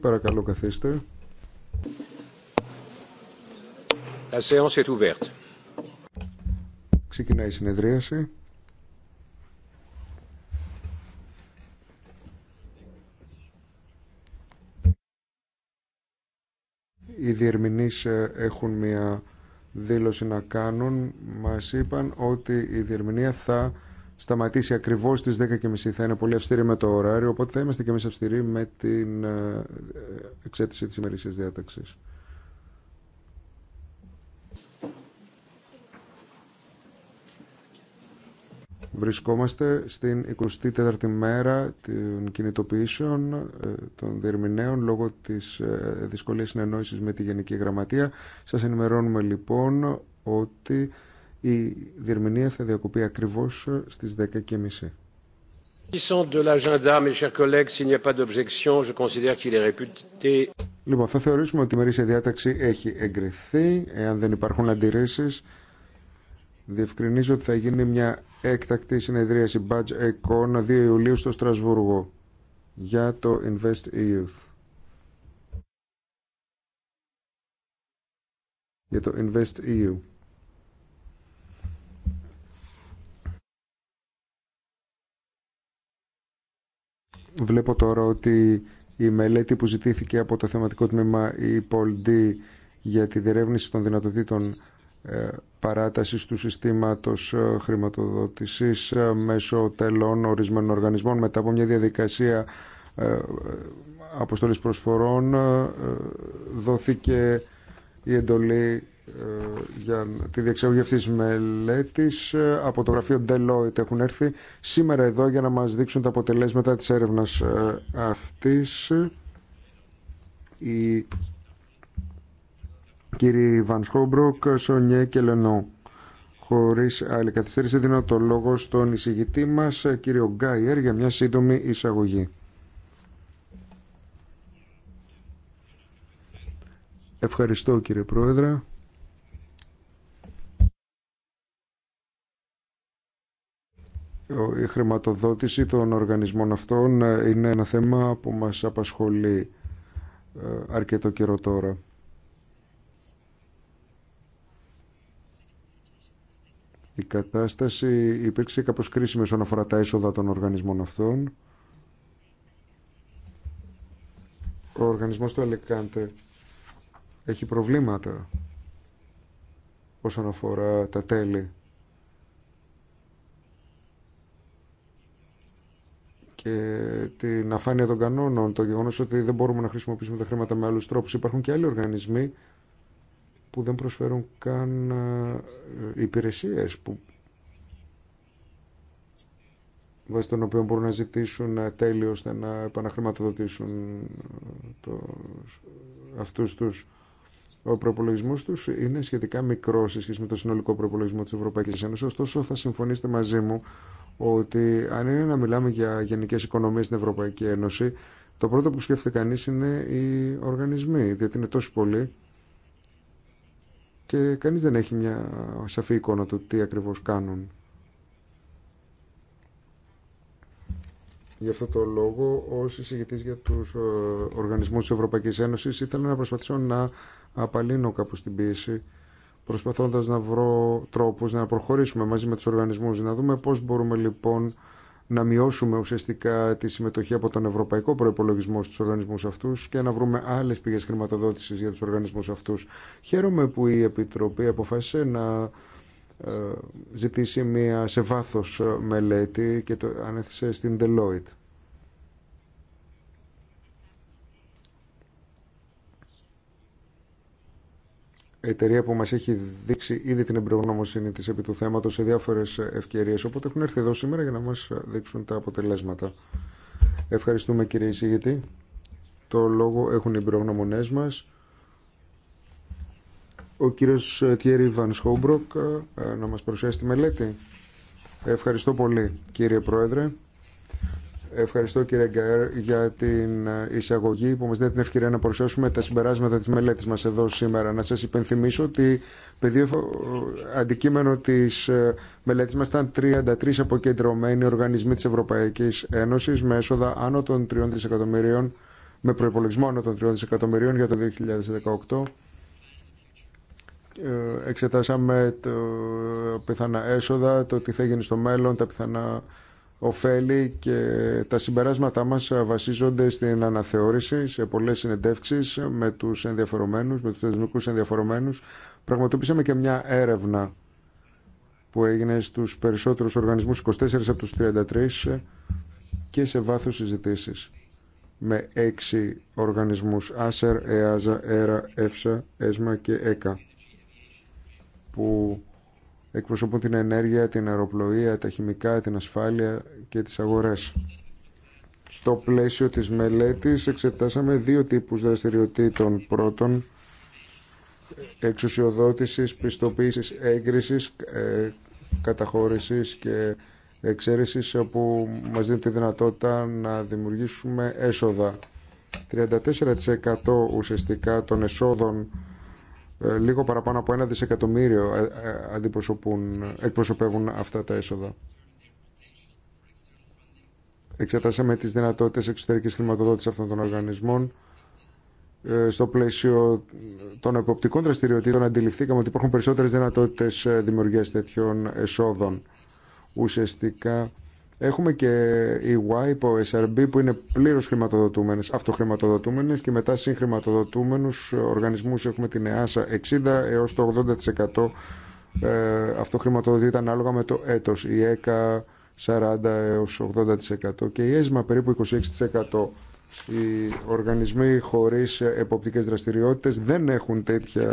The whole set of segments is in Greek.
Παρακαλώ καθίστε. La séance ouverte. Ξεκινάει η συνεδρίαση. Οι διερμηνείς ε, έχουν μια δήλωση να κάνουν. Μας είπαν ότι η διερμηνία θα σταματήσει ακριβώς στις 10.30 θα είναι πολύ αυστηρή με το ωράριο, οπότε θα είμαστε και εμεί αυστηροί με την ε, εξέτηση τη ημερήσια διάταξη. Βρισκόμαστε στην 24η μέρα των κινητοποιήσεων ε, των διερμηνέων λόγω της ε, δυσκολίας συνεννόησης με τη Γενική Γραμματεία. Σας ενημερώνουμε λοιπόν ότι η διερμηνία θα διακοπεί ακριβώ στι 10.30. Λοιπόν, θα θεωρήσουμε ότι η μερίσια διάταξη έχει εγκριθεί, εάν δεν υπάρχουν αντιρρήσει, Διευκρινίζω ότι θα γίνει μια έκτακτη συνεδρίαση Badge Econ 2 Ιουλίου στο Στρασβούργο για το Invest EU. Για το Invest EU. Βλέπω τώρα ότι η μελέτη που ζητήθηκε από το θεματικό τμήμα η για τη διερεύνηση των δυνατοτήτων ε, παράτασης του συστήματος ε, χρηματοδότησης ε, μέσω τελών ορισμένων οργανισμών μετά από μια διαδικασία αποστολής προσφορών δόθηκε η εντολή ε, για τη διεξαγωγή αυτή τη μελέτη. Ε, από το γραφείο Deloitte έχουν έρθει σήμερα εδώ για να μας δείξουν τα αποτελέσματα της έρευνας ε, αυτής. Οι κύριοι Βαν Σχόμπροκ, Σονιέ και Λενό. Χωρίς άλλη καθυστέρηση δίνω το λόγο στον εισηγητή μας, κύριο Γκάιερ, για μια σύντομη εισαγωγή. Ευχαριστώ κύριε Πρόεδρε. Η χρηματοδότηση των οργανισμών αυτών ε, είναι ένα θέμα που μας απασχολεί ε, αρκετό καιρό τώρα. Η κατάσταση υπήρξε κάπως κρίσιμη όσον αφορά τα έσοδα των οργανισμών αυτών. Ο οργανισμός του Αλεκάντε έχει προβλήματα όσον αφορά τα τέλη και την αφάνεια των κανόνων, το γεγονό ότι δεν μπορούμε να χρησιμοποιήσουμε τα χρήματα με άλλου τρόπου. Υπάρχουν και άλλοι οργανισμοί που δεν προσφέρουν καν ε, υπηρεσίε που βάσει των οποίων μπορούν να ζητήσουν ε, τέλειο ώστε να επαναχρηματοδοτήσουν ε, το, αυτούς τους ο προπολογισμό του είναι σχετικά μικρό σε σχέση με το συνολικό προπολογισμό τη Ευρωπαϊκή Ένωση. Ωστόσο, θα συμφωνήσετε μαζί μου ότι αν είναι να μιλάμε για γενικές οικονομίες στην Ευρωπαϊκή Ένωση, το πρώτο που σκέφτεται κανεί είναι οι οργανισμοί, διότι είναι τόσο πολλοί και κανείς δεν έχει μια σαφή εικόνα του τι ακριβώς κάνουν. Γι' αυτό το λόγο, ω εισηγητή για του ε, οργανισμού τη Ευρωπαϊκή Ένωση, ήθελα να προσπαθήσω να απαλύνω κάπω την πίεση προσπαθώντας να βρω τρόπους να προχωρήσουμε μαζί με τους οργανισμούς, να δούμε πώς μπορούμε λοιπόν να μειώσουμε ουσιαστικά τη συμμετοχή από τον ευρωπαϊκό προπολογισμό στους οργανισμούς αυτούς και να βρούμε άλλες πηγές χρηματοδότησης για τους οργανισμούς αυτούς. Χαίρομαι που η Επιτροπή αποφάσισε να ε, ζητήσει μια σε βάθος ε, μελέτη και το ανέθεσε στην Deloitte. εταιρεία που μας έχει δείξει ήδη την εμπειρογνώμοσύνη της επί του θέματος σε διάφορες ευκαιρίες. Οπότε έχουν έρθει εδώ σήμερα για να μας δείξουν τα αποτελέσματα. Ευχαριστούμε κύριε εισηγητή. Το λόγο έχουν οι εμπειρογνωμονές μας. Ο κύριος Τιέρι Βαν Σχόμπροκ ε, να μας παρουσιάσει τη μελέτη. Ευχαριστώ πολύ κύριε Πρόεδρε. Ευχαριστώ κύριε Γκέρ, για την ε, εισαγωγή που μας δίνει την ευκαιρία να παρουσιάσουμε τα συμπεράσματα της μελέτης μας εδώ σήμερα. Να σας υπενθυμίσω ότι πεδίο αντικείμενο της ε, μελέτης μας ήταν 33 αποκεντρωμένοι οργανισμοί της Ευρωπαϊκής Ένωσης με έσοδα άνω των 3 δισεκατομμυρίων, με προπολογισμό άνω των 3 δισεκατομμυρίων για το 2018 ε, εξετάσαμε το πιθανά έσοδα, το τι θα γίνει στο μέλλον, τα πιθανά Οφέλη και τα συμπεράσματά μας ε, βασίζονται στην αναθεώρηση σε πολλές συνεντεύξεις με τους ενδιαφερομένους, με τους θεσμικούς ενδιαφερομένους. Πραγματοποιήσαμε και μια έρευνα που έγινε στους περισσότερους οργανισμούς, 24 από τους 33 ε, και σε βάθος συζητήσει με έξι οργανισμούς ΆΣΕΡ, ΕΑΖΑ, ΕΡΑ, ΕΦΣΑ, ΕΣΜΑ και ΕΚΑ που εκπροσωπούν την ενέργεια, την αεροπλοεία, τα χημικά, την ασφάλεια και τις αγορές. Στο πλαίσιο της μελέτης εξετάσαμε δύο τύπους δραστηριοτήτων. Πρώτον, εξουσιοδότησης, πιστοποίησης, έγκρισης, ε, καταχώρησης και εξαίρεσης όπου μας δίνει τη δυνατότητα να δημιουργήσουμε έσοδα. 34% ουσιαστικά των εσόδων ε, λίγο παραπάνω από ένα δισεκατομμύριο ε, ε, αντιπροσωπούν, εκπροσωπεύουν αυτά τα έσοδα. Εξετάσαμε τις δυνατότητες εξωτερικής χρηματοδότησης αυτών των οργανισμών. Στο πλαίσιο των εποπτικών δραστηριοτήτων αντιληφθήκαμε ότι υπάρχουν περισσότερες δυνατότητες δημιουργίας τέτοιων εσόδων. Ουσιαστικά Έχουμε και η WIPO, SRB που είναι πλήρως χρηματοδοτούμενε, αυτοχρηματοδοτούμενες και μετά συγχρηματοδοτούμενου οργανισμούς έχουμε την ΕΑΣΑ 60 έως το 80% ε, αυτοχρηματοδοτείται ανάλογα με το έτος. Η ΕΚΑ 40 έως 80% και η ΕΣΜΑ περίπου 26%. Οι οργανισμοί χωρί εποπτικές δραστηριότητε δεν έχουν τέτοια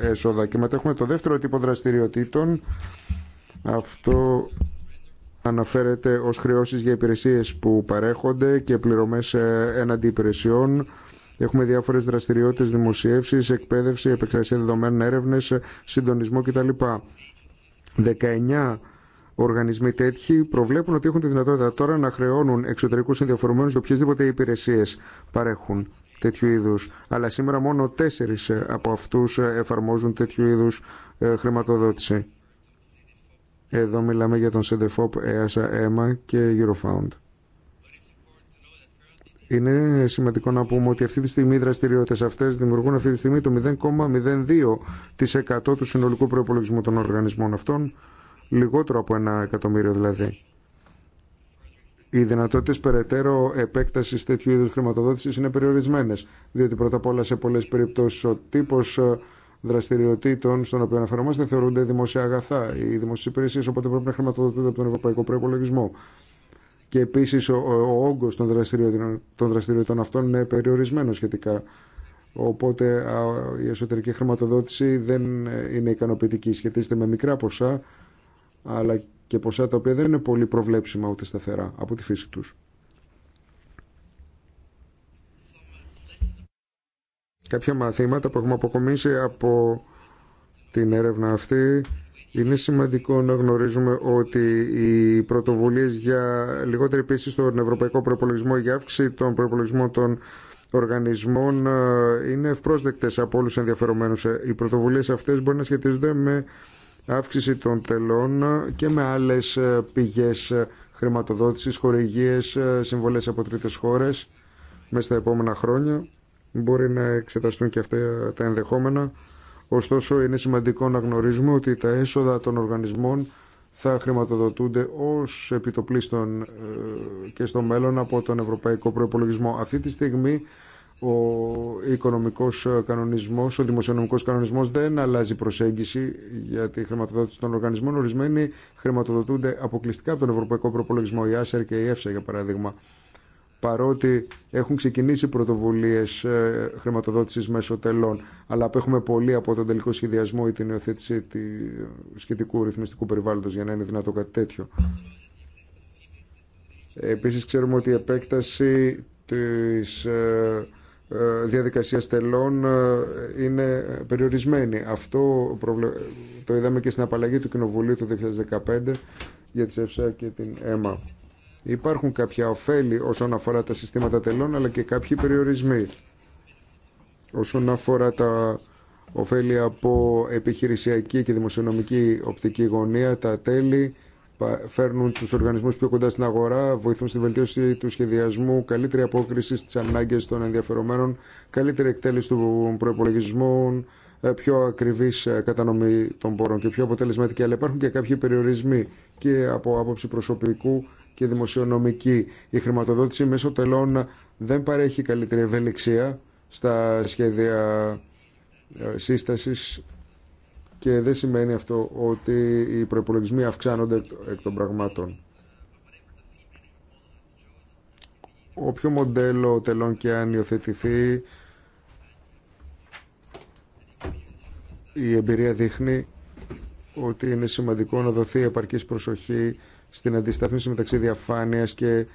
έσοδα. Και μετά έχουμε το δεύτερο τύπο δραστηριοτήτων. Αυτό αναφέρεται ως χρεώσεις για υπηρεσίες που παρέχονται και πληρωμές ε, έναντι υπηρεσιών. Έχουμε διάφορε δραστηριότητε, δημοσιεύσει, εκπαίδευση, επεξεργασία δεδομένων, έρευνε, συντονισμό κτλ. 19 οργανισμοί τέτοιοι προβλέπουν ότι έχουν τη δυνατότητα τώρα να χρεώνουν εξωτερικού ενδιαφορουμένου για οποιασδήποτε υπηρεσίε παρέχουν τέτοιου είδου. Αλλά σήμερα μόνο τέσσερι από αυτού ε, εφαρμόζουν τέτοιου είδου ε, χρηματοδότηση. Εδώ μιλάμε για τον CDFOP, EASA, EMA και Eurofound. Είναι σημαντικό να πούμε ότι αυτή τη στιγμή οι δραστηριότητε αυτέ δημιουργούν αυτή τη στιγμή το 0,02% του συνολικού προπολογισμού των οργανισμών αυτών, λιγότερο από ένα εκατομμύριο δηλαδή. Οι δυνατότητε περαιτέρω επέκταση τέτοιου είδου χρηματοδότηση είναι περιορισμένε, διότι πρώτα απ' όλα σε πολλέ περιπτώσει ο τύπο ε, δραστηριοτήτων στον οποίο αναφερόμαστε θεωρούνται δημόσια αγαθά ή δημόσιε υπηρεσίε, οπότε πρέπει να χρηματοδοτούνται από τον Ευρωπαϊκό Προπολογισμό. Και επίση ο, ο όγκο των δραστηριοτήτων, των δραστηριοτήτων αυτών είναι περιορισμένο σχετικά. Οπότε η εσωτερική χρηματοδότηση δεν είναι ικανοποιητική. Σχετίζεται με μικρά ποσά, αλλά και ποσά τα οποία δεν είναι πολύ προβλέψιμα ούτε σταθερά από τη φύση τους. κάποια μαθήματα που έχουμε αποκομίσει από την έρευνα αυτή είναι σημαντικό να γνωρίζουμε ότι οι πρωτοβουλίε για λιγότερη πίεση στον ευρωπαϊκό προπολογισμό, για αύξηση των προπολογισμών των οργανισμών ε, είναι ευπρόσδεκτε από όλου του ενδιαφερομένου. Ε, οι πρωτοβουλίε αυτέ μπορεί να σχετίζονται με αύξηση των τελών και με άλλε πηγέ ε, χρηματοδότηση, χορηγίε, συμβολέ από τρίτε χώρε μέσα στα επόμενα χρόνια μπορεί να εξεταστούν και αυτά τα ενδεχόμενα. Ωστόσο, είναι σημαντικό να γνωρίζουμε ότι τα έσοδα των οργανισμών θα χρηματοδοτούνται ως επιτοπλίστων ε, και στο μέλλον από τον Ευρωπαϊκό Προπολογισμό. Αυτή τη στιγμή ο οικονομικός κανονισμός, ο δημοσιονομικός κανονισμός δεν αλλάζει προσέγγιση για τη χρηματοδότηση των οργανισμών. Ορισμένοι χρηματοδοτούνται αποκλειστικά από τον Ευρωπαϊκό Προπολογισμό, η Άσερ και η ΕΦΣΑ για παράδειγμα παρότι έχουν ξεκινήσει πρωτοβουλίε ε, χρηματοδότησης μέσω τελών, αλλά απέχουμε πολύ από τον τελικό σχεδιασμό ή την υιοθέτηση του ε, σχετικού ρυθμιστικού περιβάλλοντος για να είναι δυνατό κάτι τέτοιο. Επίσης ξέρουμε ότι η επέκταση της ε, διαδικασίας τελών είναι περιορισμένη. Αυτό το είδαμε και στην απαλλαγή του Κοινοβουλίου του 2015 για τη ΣΕΦΣΑ και την ΕΜΑ. Υπάρχουν κάποια ωφέλη όσον αφορά τα συστήματα τελών, αλλά και κάποιοι περιορισμοί. Όσον αφορά τα ωφέλη από επιχειρησιακή και δημοσιονομική οπτική γωνία, τα τέλη φέρνουν τους οργανισμούς πιο κοντά στην αγορά, βοηθούν στην βελτίωση του σχεδιασμού, καλύτερη απόκριση στις ανάγκες των ενδιαφερομένων, καλύτερη εκτέλεση του προπολογισμού, ε, πιο ακριβής ε, κατανομή των πόρων και πιο αποτελεσματική. Αλλά υπάρχουν και κάποιοι περιορισμοί και από άποψη προσωπικού και δημοσιονομική. Η χρηματοδότηση μέσω τελών δεν παρέχει καλύτερη ευελιξία στα σχέδια ε, σύστασης και δεν σημαίνει αυτό ότι οι προπολογισμοί αυξάνονται εκ των πραγμάτων. Όποιο μοντέλο τελών και αν υιοθετηθεί, η εμπειρία δείχνει ότι είναι σημαντικό να δοθεί επαρκής προσοχή στην αντιστάθμιση μεταξύ διαφάνειας και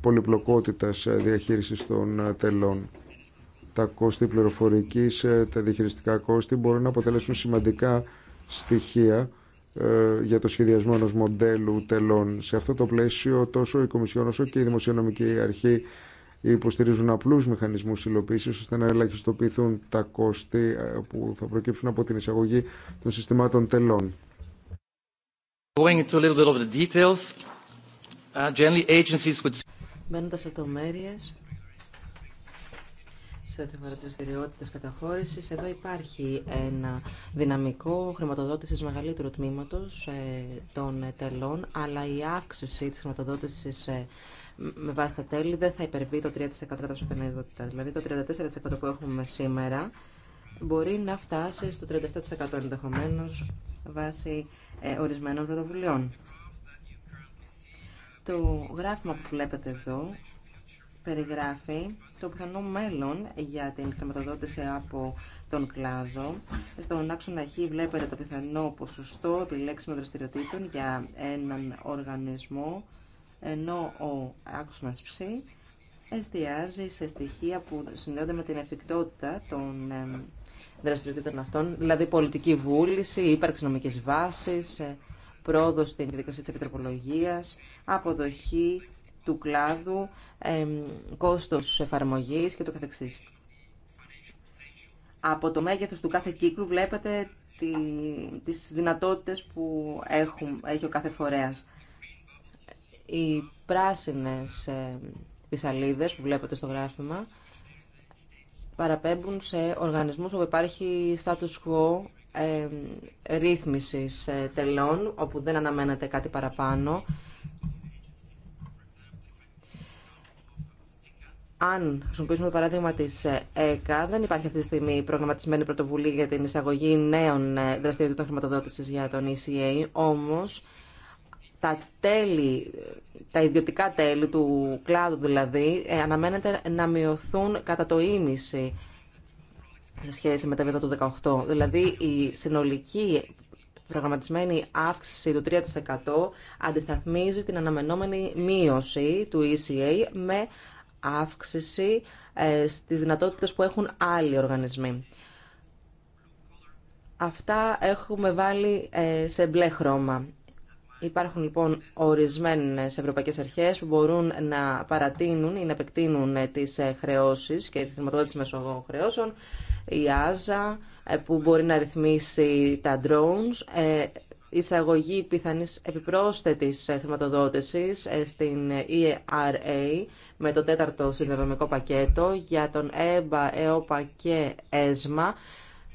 πολυπλοκότητας ε, διαχείρισης των ε, τελών. Τα κόστη πληροφορικής, ε, τα διαχειριστικά κόστη μπορούν να αποτελέσουν σημαντικά στοιχεία για το σχεδιασμό ενός μοντέλου τελών. Σε αυτό το πλαίσιο τόσο η Κομισιόν όσο και η Δημοσιονομική Αρχή υποστηρίζουν απλούς μηχανισμούς υλοποίησης ώστε να ελαχιστοποιηθούν τα κόστη που θα προκύψουν από την εισαγωγή των συστημάτων τελών. Going into a little bit of the details, uh, generally agencies would... Μπαίνοντα σε λεπτομέρειε, σε ό,τι αφορά τι δραστηριότητε καταχώρηση, εδώ υπάρχει ένα δυναμικό χρηματοδότηση μεγαλύτερου τμήματο ε, των τελών, αλλά η αύξηση τη χρηματοδότηση ε, με βάση τα τέλη δεν θα υπερβεί το 3% κατά Δηλαδή το 34% που έχουμε σήμερα μπορεί να φτάσει στο 37% ενδεχομένω βάσει ε, ορισμένων πρωτοβουλειών. Το γράφημα που βλέπετε εδώ περιγράφει το πιθανό μέλλον για την χρηματοδότηση από τον κλάδο. Στον άξονα Χ βλέπετε το πιθανό ποσοστό επιλέξιμων δραστηριοτήτων για έναν οργανισμό, ενώ ο άξονα Ψ εστιάζει σε στοιχεία που συνδέονται με την εφικτότητα των δραστηριοτήτων αυτών, δηλαδή πολιτική βούληση, ύπαρξη νομικής βάσης, ε, πρόοδο στην διαδικασία της επιτροπολογίας, αποδοχή του κλάδου, κόστος εφαρμογής και το καθεξής. Από το μέγεθος του κάθε κύκλου βλέπετε τις δυνατότητες που έχουν, έχει ο κάθε φορέας. Οι πράσινες πισαλίδες που βλέπετε στο γράφημα παραπέμπουν σε οργανισμούς όπου υπάρχει status quo ε, ρύθμισης τελών, όπου δεν αναμένεται κάτι παραπάνω. Αν χρησιμοποιήσουμε το παράδειγμα της ε, ΕΚΑ, δεν υπάρχει αυτή τη στιγμή προγραμματισμένη πρωτοβουλία για την εισαγωγή νέων ε, δραστηριοτήτων χρηματοδότησης για τον ECA. Όμως τα τέλη, τα ιδιωτικά τέλη του κλάδου δηλαδή, ε, αναμένεται να μειωθούν κατά το ίμιση σε σχέση με τα βίδα του 18. Δηλαδή η συνολική προγραμματισμένη αύξηση του 3% αντισταθμίζει την αναμενόμενη μείωση του ECA με αύξηση ε, στις δυνατότητες που έχουν άλλοι οργανισμοί. Αυτά έχουμε βάλει ε, σε μπλε χρώμα. Υπάρχουν λοιπόν ορισμένες ευρωπαϊκές αρχές που μπορούν να παρατείνουν ή να επεκτείνουν ε, τις ε, χρεώσεις και τη χρηματοδότηση μέσω χρεώσεων. Η ΆΖΑ ε, που μπορεί να ρυθμίσει τα drones, εισαγωγή πιθανής επιπρόσθετης χρηματοδότησης στην ERA με το τέταρτο συνδρομικό πακέτο για τον ΕΜΠΑ, ΕΟΠΑ και ΕΣΜΑ.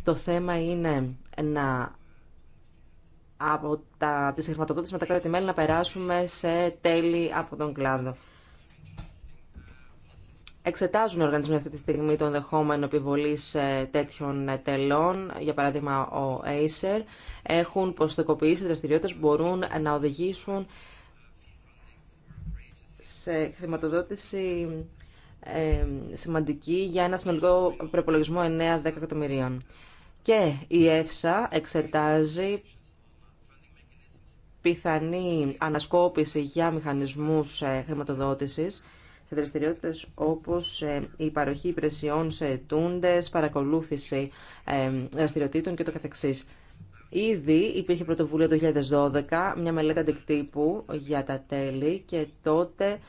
Το θέμα είναι να από τα, τις χρηματοδότητες με τα κράτη-μέλη να περάσουμε σε τέλη από τον κλάδο. Εξετάζουν οι οργανισμοί αυτή τη στιγμή το ενδεχόμενο επιβολή ε, τέτοιων τελών. Για παράδειγμα, ο Acer έχουν προσθεκοποιήσει δραστηριότητε που μπορούν να οδηγήσουν σε χρηματοδότηση ε, σημαντική για ένα συνολικό προπολογισμό 9-10 εκατομμυρίων. Και η ΕΦΣΑ εξετάζει πιθανή ανασκόπηση για μηχανισμούς ε, χρηματοδότησης σε δραστηριότητες όπως ε, η παροχή υπηρεσιών σε ετούντες, παρακολούθηση ε, δραστηριοτήτων και το καθεξής. Ήδη υπήρχε πρωτοβουλία το 2012, μια μελέτη αντικτύπου για τα τέλη και τότε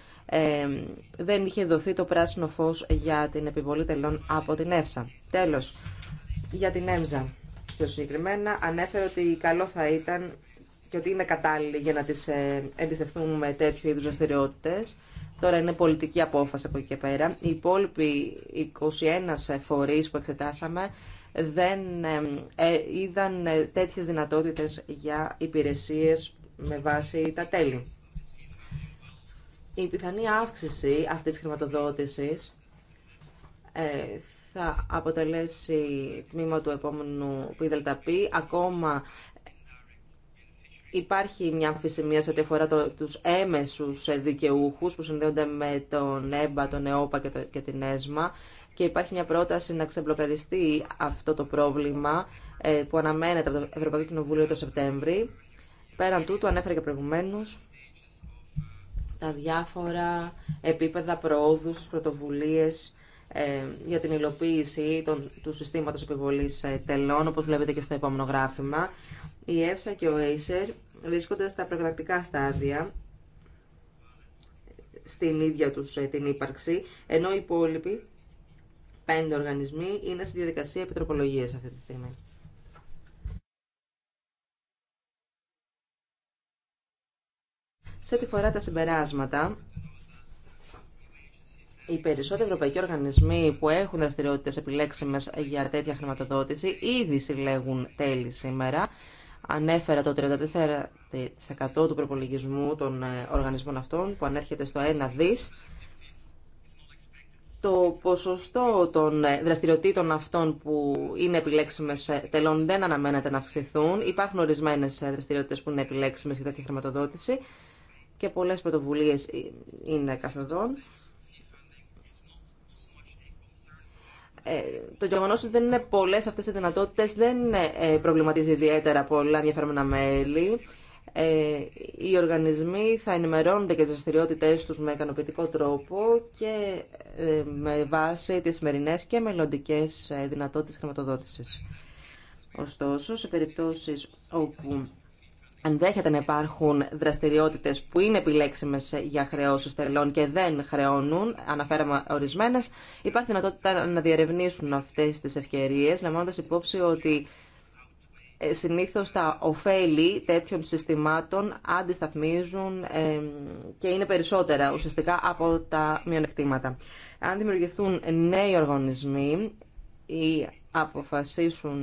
δεν είχε δοθεί το πράσινο φως για την επιβολή τελών από την ΕΦΣΑ. Τέλος, για την ΕΜΖΑ. Πιο συγκεκριμένα ανέφερε ότι καλό θα ήταν και ότι είναι κατάλληλοι για να τις ε, εμπιστευτούμε τέτοιου είδου δραστηριότητε. Τώρα είναι πολιτική απόφαση από εκεί και πέρα. Οι υπόλοιποι 21 ε, φορεί που εξετάσαμε δεν ε, είδαν τέτοιες δυνατότητες για υπηρεσίες με βάση τα τέλη. Η πιθανή αύξηση αυτής της χρηματοδότησης θα αποτελέσει τμήμα του επόμενου ΠΔΠ. Ακόμα Υπάρχει μια αμφισημία σε ό,τι αφορά το, τους έμεσους δικαιούχους που συνδέονται με τον ΕΜΠΑ, τον ΕΟΠΑ και, το, και την ΕΣΜΑ και υπάρχει μια πρόταση να ξεμπλοκαριστεί αυτό το πρόβλημα ε, που αναμένεται από το Ευρωπαϊκό Κοινοβούλιο το Σεπτέμβρη. Πέραν τούτου, ανέφερε και προηγουμένω τα διάφορα επίπεδα προόδου, πρωτοβουλίε ε, για την υλοποίηση των, του συστήματος επιβολής ε, τελών, όπω βλέπετε και στο επόμενο γράφημα. Η ΕΦΣΑ και ο ΕΙΣΕΡ βρίσκονται στα προκατακτικά στάδια στην ίδια τους ε, την ύπαρξη, ενώ οι υπόλοιποι πέντε οργανισμοί είναι στη διαδικασία επιτροπολογίας αυτή τη στιγμή. Σε ό,τι φορά τα συμπεράσματα, οι περισσότεροι ευρωπαϊκοί οργανισμοί που έχουν δραστηριότητε επιλέξιμε για τέτοια χρηματοδότηση ήδη συλλέγουν τέλη σήμερα ανέφερα το 34% του προπολογισμού των ε, οργανισμών αυτών που ανέρχεται στο 1 δις. Το ποσοστό των ε, δραστηριοτήτων αυτών που είναι επιλέξιμες ε, τελών δεν αναμένεται να αυξηθούν. Υπάρχουν ορισμένες δραστηριότητες που είναι επιλέξιμες για τέτοια χρηματοδότηση και πολλές πρωτοβουλίες είναι καθοδόν. Ε, το γεγονός ότι δεν είναι πολλέ αυτές οι δυνατότητε δεν ε, προβληματίζει ιδιαίτερα πολλά ενδιαφέροντα μέλη. Ε, οι οργανισμοί θα ενημερώνονται και τις δραστηριότητε τους με ικανοποιητικό τρόπο και με βάση τις σημερινέ και μελλοντικέ δυνατότητες χρηματοδότηση. Ωστόσο, σε περιπτώσεις όπου ενδέχεται να υπάρχουν δραστηριότητες που είναι επιλέξιμε για χρεώσει τελών και δεν χρεώνουν, αναφέραμε ορισμένε, υπάρχει δυνατότητα να διαρευνήσουν αυτές τις ευκαιρίες, λαμβάνοντα υπόψη ότι ε, συνήθως τα ωφέλη τέτοιων συστημάτων αντισταθμίζουν και είναι περισσότερα ουσιαστικά από τα μειονεκτήματα. Αν δημιουργηθούν νέοι οργανισμοί ή αποφασίσουν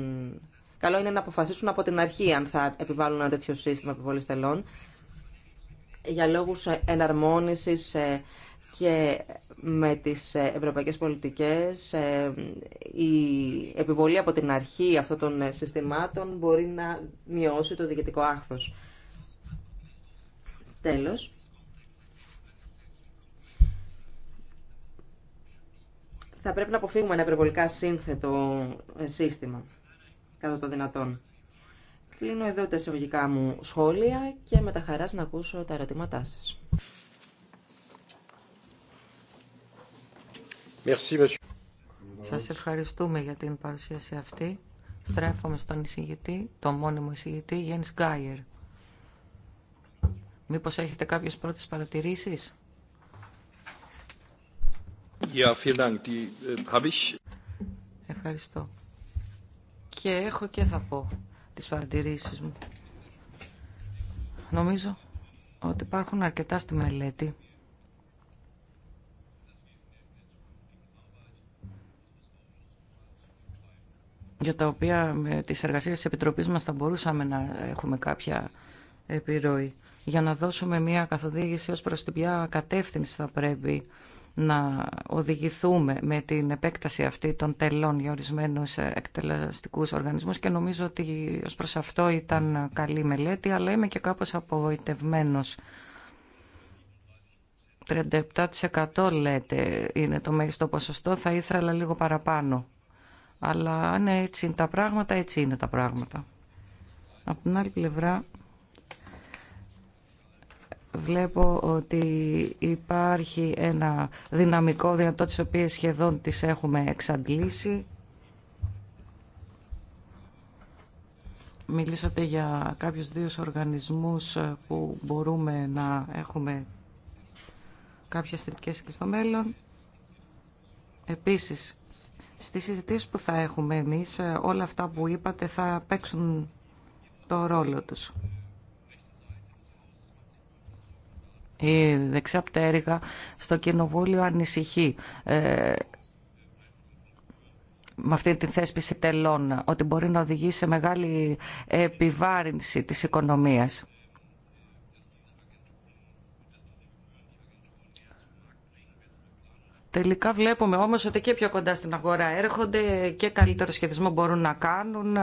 Καλό είναι να αποφασίσουν από την αρχή αν θα επιβάλλουν ένα τέτοιο σύστημα επιβολή τελών για λόγους εναρμόνισης ε, και με τις ε, ευρωπαϊκές πολιτικές ε, η επιβολή από την αρχή αυτών των συστημάτων μπορεί να μειώσει το διοικητικό άχθος. Τέλος. Θα πρέπει να αποφύγουμε ένα υπερβολικά σύνθετο σύστημα κατά το δυνατόν. Κλείνω εδώ τα εισαγωγικά μου σχόλια και με τα χαράς να ακούσω τα ερωτήματά σας. Σας ευχαριστούμε για την παρουσίαση αυτή. Στρέφομαι στον εισηγητή, τον μόνιμο εισηγητή, Γιάννης Γκάιερ. Μήπως έχετε κάποιες πρώτες παρατηρήσεις? Äh, Ευχαριστώ και έχω και θα πω τις παρατηρήσεις μου. Νομίζω ότι υπάρχουν αρκετά στη μελέτη για τα οποία με τις εργασίες της Επιτροπής μας θα μπορούσαμε να έχουμε κάποια επιρροή για να δώσουμε μια καθοδήγηση ως προς την ποια κατεύθυνση θα πρέπει να οδηγηθούμε με την επέκταση αυτή των τελών για ορισμένους εκτελεστικούς οργανισμούς και νομίζω ότι ως προς αυτό ήταν καλή μελέτη, αλλά είμαι και κάπως απογοητευμένος. 37% λέτε είναι το μέγιστο ποσοστό, θα ήθελα λίγο παραπάνω. Αλλά αν έτσι είναι τα πράγματα, έτσι είναι τα πράγματα. Από την άλλη πλευρά βλέπω ότι υπάρχει ένα δυναμικό δυνατό τις οποίες σχεδόν τις έχουμε εξαντλήσει. Μιλήσατε για κάποιους δύο οργανισμούς που μπορούμε να έχουμε κάποιες θετικές και στο μέλλον. Επίσης, στις συζητήσεις που θα έχουμε εμείς, όλα αυτά που είπατε θα παίξουν το ρόλο τους. η δεξιά πτέρυγα στο κοινοβούλιο ανησυχεί ε, με αυτή τη θέσπιση τελών, ότι μπορεί να οδηγήσει σε μεγάλη επιβάρυνση της οικονομίας. Τελικά βλέπουμε όμως ότι και πιο κοντά στην αγορά έρχονται και καλύτερο σχεδισμό μπορούν να κάνουν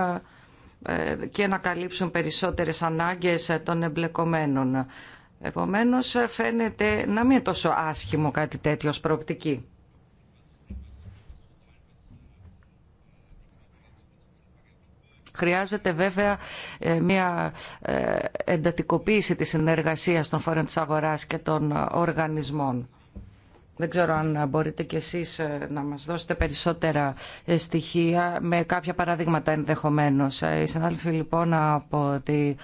ε, και να καλύψουν περισσότερες ανάγκες των εμπλεκομένων. Επομένως φαίνεται να μην είναι τόσο άσχημο κάτι τέτοιο ως προοπτική. Χρειάζεται βέβαια ε, μια ε, εντατικοποίηση της συνεργασίας των φορέων της αγοράς και των ε, οργανισμών. Δεν ξέρω αν μπορείτε κι εσείς ε, να μας δώσετε περισσότερα ε, στοιχεία με κάποια παραδείγματα ενδεχομένως. Ε, οι συνάδελφοι λοιπόν από τη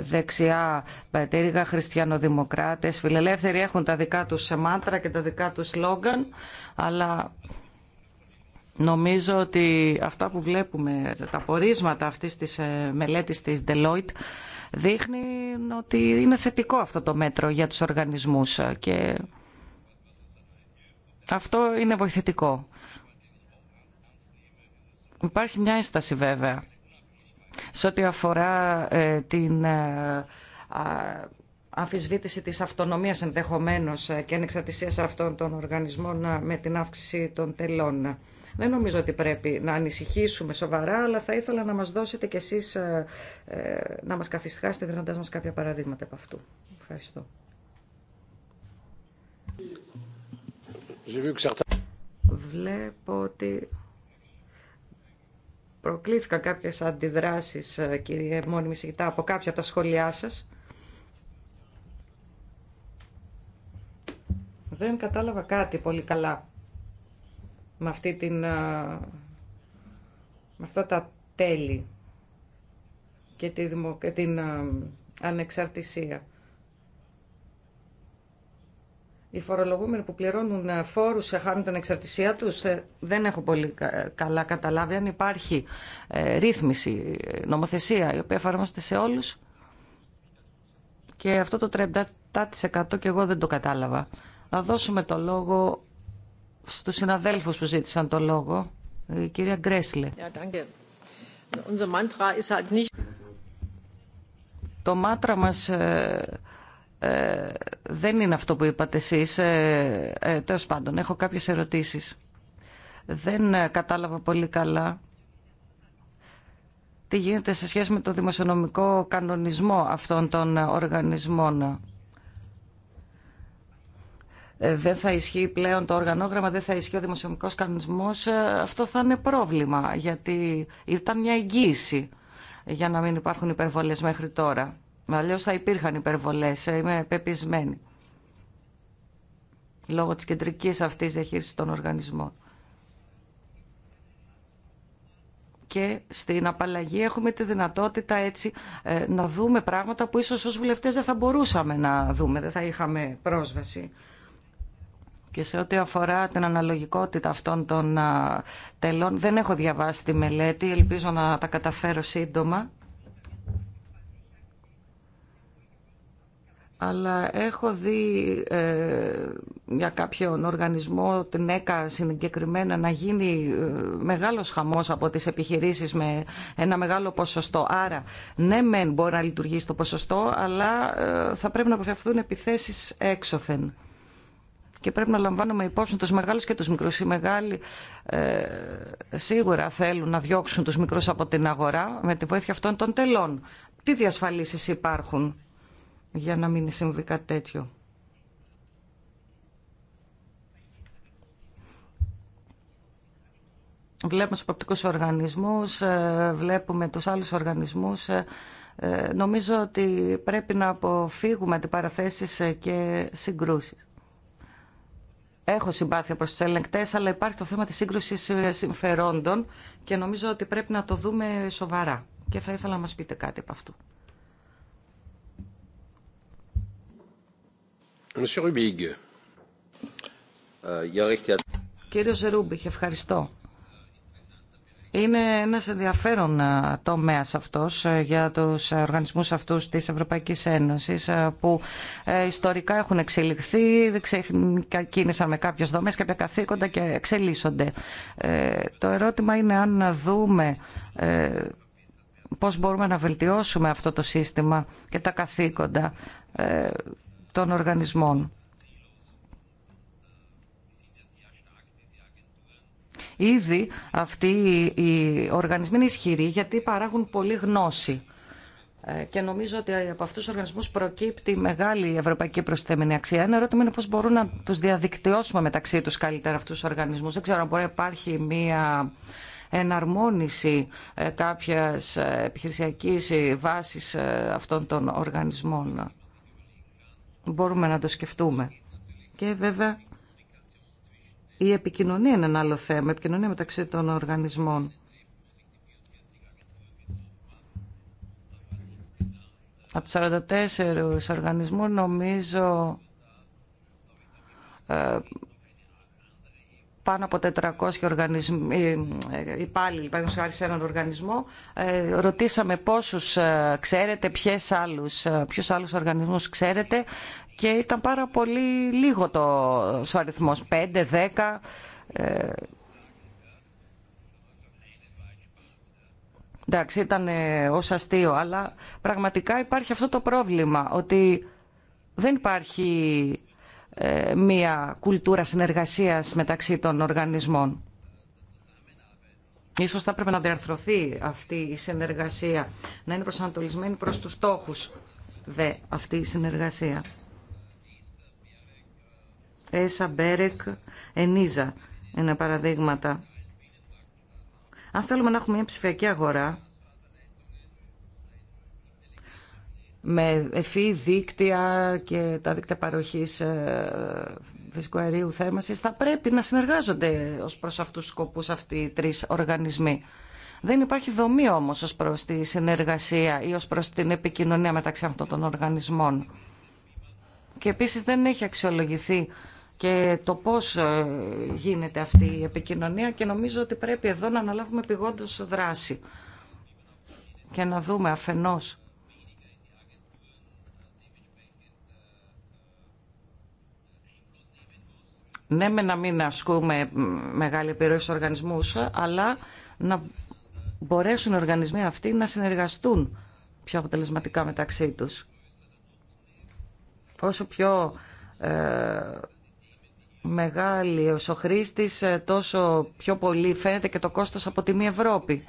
δεξιά πατέρυγα χριστιανοδημοκράτες, φιλελεύθεροι έχουν τα δικά τους μάτρα και τα δικά τους σλόγγαν, αλλά νομίζω ότι αυτά που βλέπουμε, τα πορίσματα αυτής της μελέτης της Deloitte, δείχνει ότι είναι θετικό αυτό το μέτρο για τους οργανισμούς και αυτό είναι βοηθητικό. Υπάρχει μια ένσταση βέβαια σε ό,τι αφορά ε, την ε, αμφισβήτηση της αυτονομίας ενδεχομένως ε, και ανεξαρτησίας αυτών των οργανισμών με την αύξηση των τελών. Δεν νομίζω ότι πρέπει να ανησυχήσουμε σοβαρά, αλλά θα ήθελα να μας δώσετε κι εσείς να μας καθιστικάσετε δίνοντάς μας κάποια παραδείγματα από αυτού. Ευχαριστώ. Βλέπω ότι προκλήθηκαν κάποιες αντιδράσεις, ε, κύριε Μόνιμη Σιγητά, από κάποια από τα σχόλιά σας. Δεν κατάλαβα κάτι πολύ καλά με, αυτή την, ε, με αυτά τα τέλη και, και την ε, ανεξαρτησία οι φορολογούμενοι που πληρώνουν ε, φόρους ε, χάνουν την εξαρτησία τους. Ε, δεν έχω πολύ καλά καταλάβει αν υπάρχει ρύθμιση, νομοθεσία η οποία εφαρμόζεται σε όλους. Και αυτό το 37% και εγώ δεν το κατάλαβα. Να δώσουμε το λόγο στους συναδέλφους που ζήτησαν το λόγο. Η κυρία Γκρέσλε. Το μάτρα μας ε, δεν είναι αυτό που είπατε εσείς. Ε, ε πάντων, έχω κάποιες ερωτήσεις. Δεν ε, κατάλαβα πολύ καλά τι γίνεται σε σχέση με το δημοσιονομικό κανονισμό αυτών των οργανισμών. Δεν θα ισχύει πλέον το οργανόγραμμα, δεν θα ισχύει ο δημοσιονομικός κανονισμός. Αυτό θα είναι πρόβλημα, γιατί ήταν μια εγγύηση για να μην υπάρχουν υπερβολές μέχρι τώρα. Αλλιώ θα υπήρχαν υπερβολέ. Ε, είμαι πεπισμένη. Λόγω τη κεντρική αυτή διαχείριση των οργανισμών. Και στην απαλλαγή έχουμε τη δυνατότητα έτσι ε, να δούμε πράγματα που ίσως ως βουλευτές δεν θα μπορούσαμε να δούμε, δεν θα είχαμε πρόσβαση. Και σε ό,τι αφορά την αναλογικότητα αυτών των τελών, δεν έχω διαβάσει τη μελέτη, ελπίζω να τα καταφέρω σύντομα. αλλά έχω δει για ε, κάποιον οργανισμό, την ΕΚΑ συγκεκριμένα, να γίνει ε, μεγάλος χαμός από τις επιχειρήσεις με ένα μεγάλο ποσοστό. Άρα, ναι μεν μπορεί να λειτουργήσει το ποσοστό, αλλά ε, θα πρέπει να αποφευθούν επιθέσεις έξωθεν. Και πρέπει να λαμβάνουμε υπόψη τους μεγάλους και τους μικρούς. Οι μεγάλοι ε, σίγουρα θέλουν να διώξουν τους μικρούς από την αγορά με τη βοήθεια αυτών των τελών. Τι διασφαλίσεις υπάρχουν για να μην συμβεί κάτι τέτοιο. Βλέπουμε τους παπτικούς οργανισμούς, ε, βλέπουμε τους άλλους οργανισμούς. Ε, ε, νομίζω ότι πρέπει να αποφύγουμε αντιπαραθέσεις και συγκρούσεις. Έχω συμπάθεια προς τους ελεγκτές, αλλά υπάρχει το θέμα της σύγκρουσης συμφερόντων και νομίζω ότι πρέπει να το δούμε σοβαρά. Και θα ήθελα να μας πείτε κάτι από αυτού. Euh, Κύριε Ρούμπιχ, ευχαριστώ. Είναι ένας ενδιαφέρον ε, τομέας αυτός ε, για τους οργανισμούς αυτούς της Ευρωπαϊκής Ένωσης ε, που ιστορικά έχουν εξελιχθεί, κίνησαν με κάποιες δομές, κάποια καθήκοντα και εξελίσσονται. Το ερώτημα είναι αν να δούμε πώς μπορούμε να βελτιώσουμε αυτό το σύστημα και τα καθήκοντα των οργανισμών. Ήδη αυτοί οι οργανισμοί είναι ισχυροί γιατί παράγουν πολλή γνώση. Ε, και νομίζω ότι από αυτούς τους οργανισμούς προκύπτει μεγάλη ευρωπαϊκή προσθέμενη αξία. Ένα ερώτημα είναι πώς μπορούν να τους διαδικτυώσουμε μεταξύ τους καλύτερα αυτούς τους οργανισμούς. Δεν ξέρω αν μπορεί να υπάρχει μία εναρμόνιση ε, κάποιας ε, επιχειρησιακής βάσης αυτών των οργανισμών μπορούμε να το σκεφτούμε. Και βέβαια η επικοινωνία είναι ένα άλλο θέμα, η επικοινωνία μεταξύ των οργανισμών. Από τους 44 οργανισμούς νομίζω ε, πάνω από 400 οργανισμοί, ε, ε, υπάλληλοι πάνω χάρη σε έναν οργανισμό. Ε, ρωτήσαμε πόσους ξέρετε, ποιες άλλους, ποιους άλλους οργανισμούς ξέρετε και ήταν πάρα πολύ λίγο το ο αριθμός, 5, 10... Ε, εντάξει, ήταν ως αστείο, αλλά πραγματικά υπάρχει αυτό το πρόβλημα, ότι δεν υπάρχει ε, μια κουλτούρα συνεργασίας μεταξύ των οργανισμών. Ίσως θα πρέπει να διαρθρωθεί αυτή η συνεργασία, να είναι προσανατολισμένη προς τους στόχους δε αυτή η συνεργασία. Έσα, Μπέρεκ, Ενίζα είναι παραδείγματα. Αν θέλουμε να έχουμε μια ψηφιακή αγορά, με εφή δίκτυα και τα δίκτυα παροχής ε, φυσικού αερίου θα πρέπει να συνεργάζονται ως προς αυτούς τους σκοπούς αυτοί οι τρεις οργανισμοί. Δεν υπάρχει δομή όμως ως προς τη συνεργασία ή ως προς την επικοινωνία μεταξύ αυτών των οργανισμών. Και επίσης δεν έχει αξιολογηθεί και το πώς ε, γίνεται αυτή η επικοινωνία και νομίζω ότι πρέπει εδώ να αναλάβουμε επιγόντως δράση και να δούμε αφενός ναι με να μην ασκούμε μεγάλη επιρροή στους οργανισμούς, αλλά να μπορέσουν οι οργανισμοί αυτοί να συνεργαστούν πιο αποτελεσματικά μεταξύ τους. Όσο πιο ε, μεγάλη ο χρήστης, ε, τόσο πιο πολύ φαίνεται και το κόστος από τη μη Ευρώπη.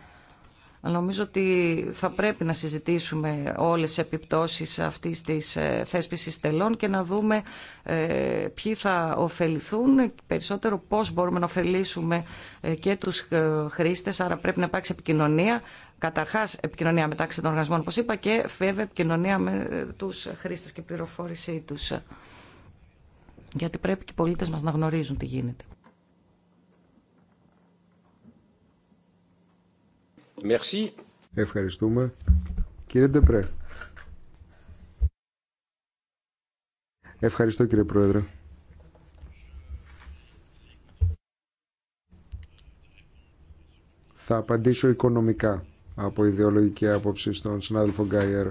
Νομίζω ότι θα πρέπει να συζητήσουμε όλες τις επιπτώσεις αυτής της ε, θέσπισης τελών και να δούμε ε, ποιοι θα ωφεληθούν, περισσότερο πώς μπορούμε να ωφελήσουμε ε, και τους χρήστες, άρα πρέπει να υπάρξει επικοινωνία, καταρχάς επικοινωνία μεταξύ των οργανισμών, όπως είπα, και φεύγει επικοινωνία με τους χρήστε και πληροφόρησή του. Γιατί πρέπει και οι πολίτε μα να γνωρίζουν τι γίνεται. Ευχαριστούμε. Κύριε Ντεπρέ. Ευχαριστώ κύριε Πρόεδρε. Θα απαντήσω οικονομικά από ιδεολογική άποψη στον συνάδελφο Γκάιερ.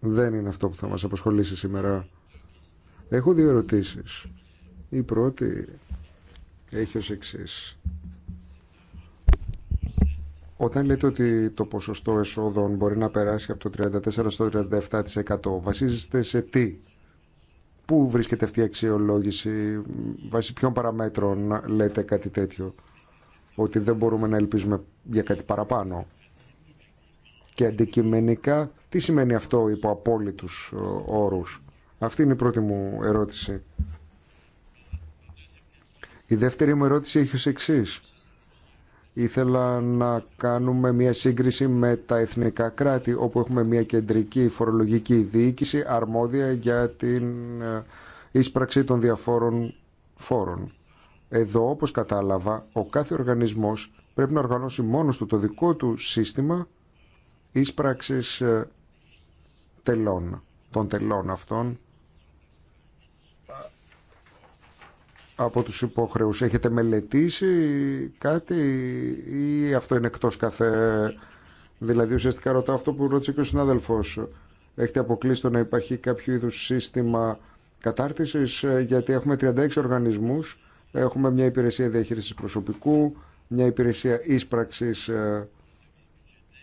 Δεν είναι αυτό που θα μας απασχολήσει σήμερα. Έχω δύο ερωτήσεις. Η πρώτη έχει ως εξής. Όταν λέτε ότι το ποσοστό εσόδων μπορεί να περάσει από το 34% στο 37% βασίζεστε σε τι, πού βρίσκεται αυτή η αξιολόγηση, βάσει ποιων παραμέτρων λέτε κάτι τέτοιο, ότι δεν μπορούμε να ελπίζουμε για κάτι παραπάνω. Και αντικειμενικά, τι σημαίνει αυτό υπό απόλυτους όρους. Αυτή είναι η πρώτη μου ερώτηση. Η δεύτερη μου ερώτηση έχει ως εξής ήθελα να κάνουμε μια σύγκριση με τα εθνικά κράτη όπου έχουμε μια κεντρική φορολογική διοίκηση αρμόδια για την ε, ίσπραξη των διαφόρων φόρων. Εδώ όπως κατάλαβα ο κάθε οργανισμός πρέπει να οργανώσει μόνος του το δικό του σύστημα ίσπραξης ε, τελών, των τελών αυτών από τους υποχρεούς. Έχετε μελετήσει κάτι ή αυτό είναι εκτός κάθε... Δηλαδή ουσιαστικά ρωτάω αυτό που ρώτησε και ο συνάδελφός. Έχετε αποκλείσει το να υπάρχει κάποιο είδους σύστημα κατάρτισης ε, γιατί έχουμε 36 οργανισμούς, έχουμε μια υπηρεσία διαχείρισης προσωπικού, μια υπηρεσία ίσπραξης ε,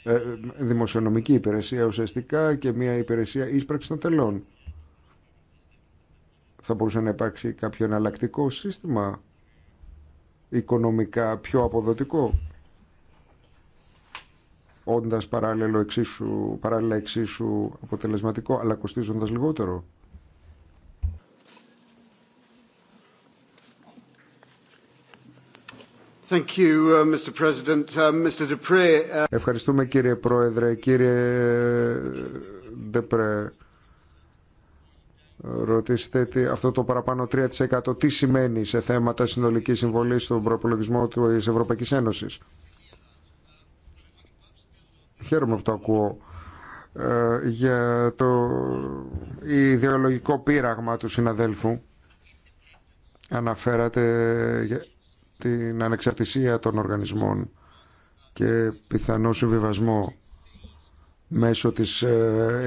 ε, δημοσιονομική υπηρεσία ουσιαστικά και μια υπηρεσία ίσπραξης των τελών θα μπορούσε να υπάρξει κάποιο εναλλακτικό σύστημα οικονομικά πιο αποδοτικό όντας παράλληλο εξίσου, παράλληλα εξίσου αποτελεσματικό αλλά κοστίζοντας λιγότερο. Thank you, uh, Mr. President. Uh, Mr. Uh Ευχαριστούμε κύριε Πρόεδρε, κύριε Ντεπρέ. Ρωτήσετε αυτό το παραπάνω 3% τι σημαίνει σε θέματα συνολικής συμβολής στον προπολογισμό της Ευρωπαϊκής Ένωσης. Χαίρομαι που το ακούω ε, για το ιδεολογικό πείραγμα του συναδέλφου. Αναφέρατε για την ανεξαρτησία των οργανισμών και πιθανό συμβιβασμό μέσω της ε,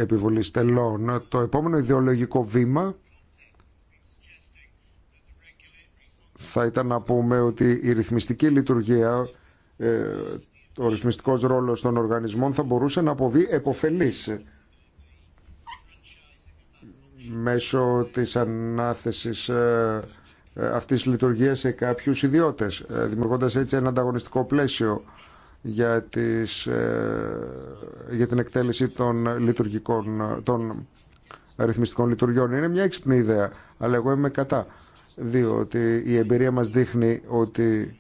επιβολής τελών. Το επόμενο ιδεολογικό βήμα θα ήταν να πούμε ότι η ρυθμιστική λειτουργία, ε, ο ρυθμιστικός ρόλος των οργανισμών θα μπορούσε να αποβεί εποφελής μέσω της ανάθεσης ε, αυτής της λειτουργίας σε κάποιους ιδιώτες, δημιουργώντας έτσι ένα ανταγωνιστικό πλαίσιο για, τις, ε, για την εκτέλεση των, λειτουργικών, των αριθμιστικών λειτουργιών. Είναι μια έξυπνη ιδέα, αλλά εγώ είμαι κατά, διότι η εμπειρία μας δείχνει ότι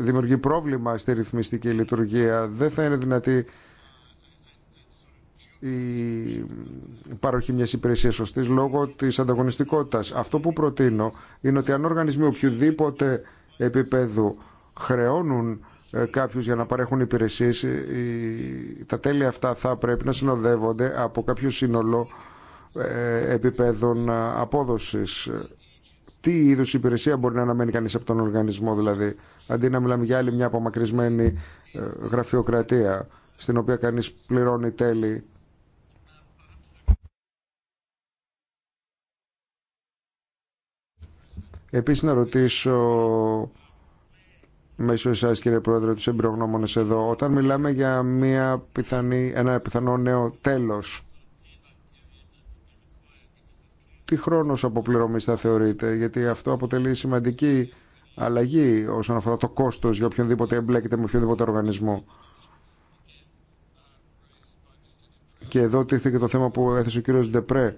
δημιουργεί πρόβλημα στη ρυθμιστική λειτουργία. Δεν θα είναι δυνατή η παροχή μια υπηρεσία σωστή λόγω της ανταγωνιστικότητας. Αυτό που προτείνω είναι ότι αν οργανισμοί οποιοδήποτε επίπεδου χρεώνουν ε, κάποιους για να παρέχουν υπηρεσίες, ε, τα τέλη αυτά θα πρέπει να συνοδεύονται από κάποιο σύνολο ε, επίπεδων απόδοσης. Τι είδους υπηρεσία μπορεί να αναμένει κανεί από τον οργανισμό, δηλαδή, αντί να μιλάμε για άλλη μια απομακρυσμένη γραφειοκρατία, στην οποία κανείς πληρώνει τέλη Επίσης να ρωτήσω μέσω εσά, κύριε Πρόεδρε, του εμπειρογνώμονε εδώ, όταν μιλάμε για μια πιθανή, ένα πιθανό νέο τέλος, τι χρόνος αποπληρωμής θα θεωρείτε, γιατί αυτό αποτελεί σημαντική αλλαγή όσον αφορά το κόστος για οποιονδήποτε εμπλέκεται με οποιονδήποτε οργανισμό. Και εδώ τίθεται το θέμα που έθεσε ο κύριος Ντεπρέ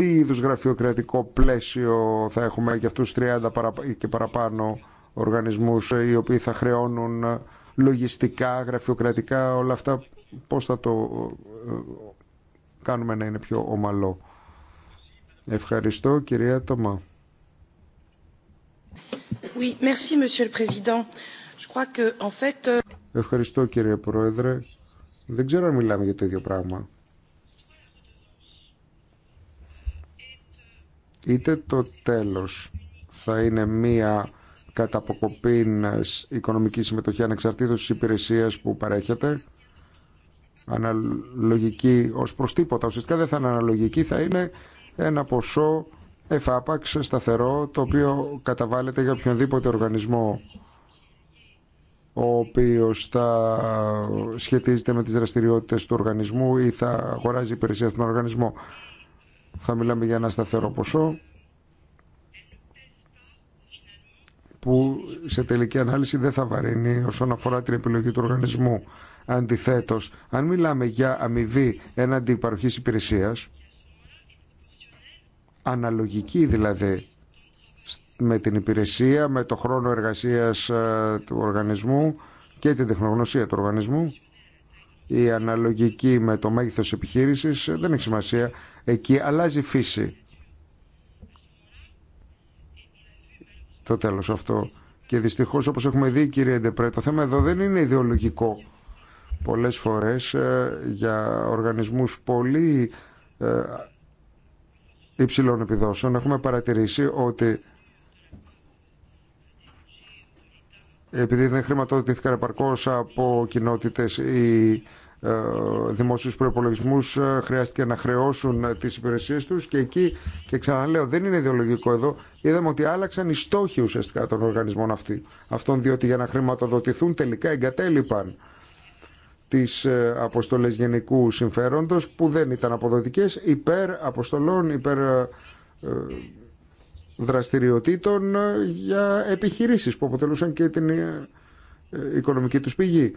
τι είδου γραφειοκρατικό πλαίσιο θα έχουμε για αυτούς 30 και παραπάνω οργανισμούς οι οποίοι θα χρεώνουν λογιστικά, γραφειοκρατικά, όλα αυτά πώ θα το ε, κάνουμε να είναι πιο ομαλό. Ευχαριστώ κυρία Τωμά. Oui, merci, Monsieur le Président. Je crois que, en fait... Euh, Ευχαριστώ κύριε Πρόεδρε. Δεν ξέρω αν μιλάμε για το ίδιο πράγμα. είτε το τέλος θα είναι μία κατά οικονομική συμμετοχή ανεξαρτήτως της υπηρεσίας που παρέχεται αναλογική ως προς τίποτα ουσιαστικά δεν θα είναι αναλογική θα είναι ένα ποσό εφάπαξ σταθερό το οποίο καταβάλλεται για οποιονδήποτε οργανισμό ο οποίος θα σχετίζεται με τις δραστηριότητες του οργανισμού ή θα αγοράζει υπηρεσία στον οργανισμό θα μιλάμε για ένα σταθερό ποσό που σε τελική ανάλυση δεν θα βαρύνει όσον αφορά την επιλογή του οργανισμού. Αντιθέτως, αν μιλάμε για αμοιβή έναντι υπαρχής υπηρεσίας, αναλογική δηλαδή με την υπηρεσία, με το χρόνο εργασίας ε, του οργανισμού και την τεχνογνωσία του οργανισμού, η αναλογική με το μέγεθος επιχείρησης ε, δεν έχει σημασία. Εκεί αλλάζει φύση. Το τέλος αυτό. Και δυστυχώς όπως έχουμε δει κύριε Ντεπρέ, το θέμα εδώ δεν είναι ιδεολογικό. Πολλές φορές ε, για οργανισμούς πολύ ε, υψηλών επιδόσεων έχουμε παρατηρήσει ότι επειδή δεν χρηματοδοτήθηκαν επαρκώ από κοινότητε ή ε, δημόσιους προϋπολογισμούς ε, χρειάστηκε να χρεώσουν ε, τις υπηρεσίες τους και εκεί, και ξαναλέω δεν είναι ιδεολογικό εδώ, είδαμε ότι άλλαξαν οι στόχοι ουσιαστικά των οργανισμών αυτή, αυτών διότι για να χρηματοδοτηθούν τελικά εγκατέλειπαν τις αποστολές γενικού συμφέροντος που δεν ήταν αποδοτικές υπέρ αποστολών, υπέρ δραστηριοτήτων για επιχειρήσεις που αποτελούσαν και την οικονομική τους πηγή.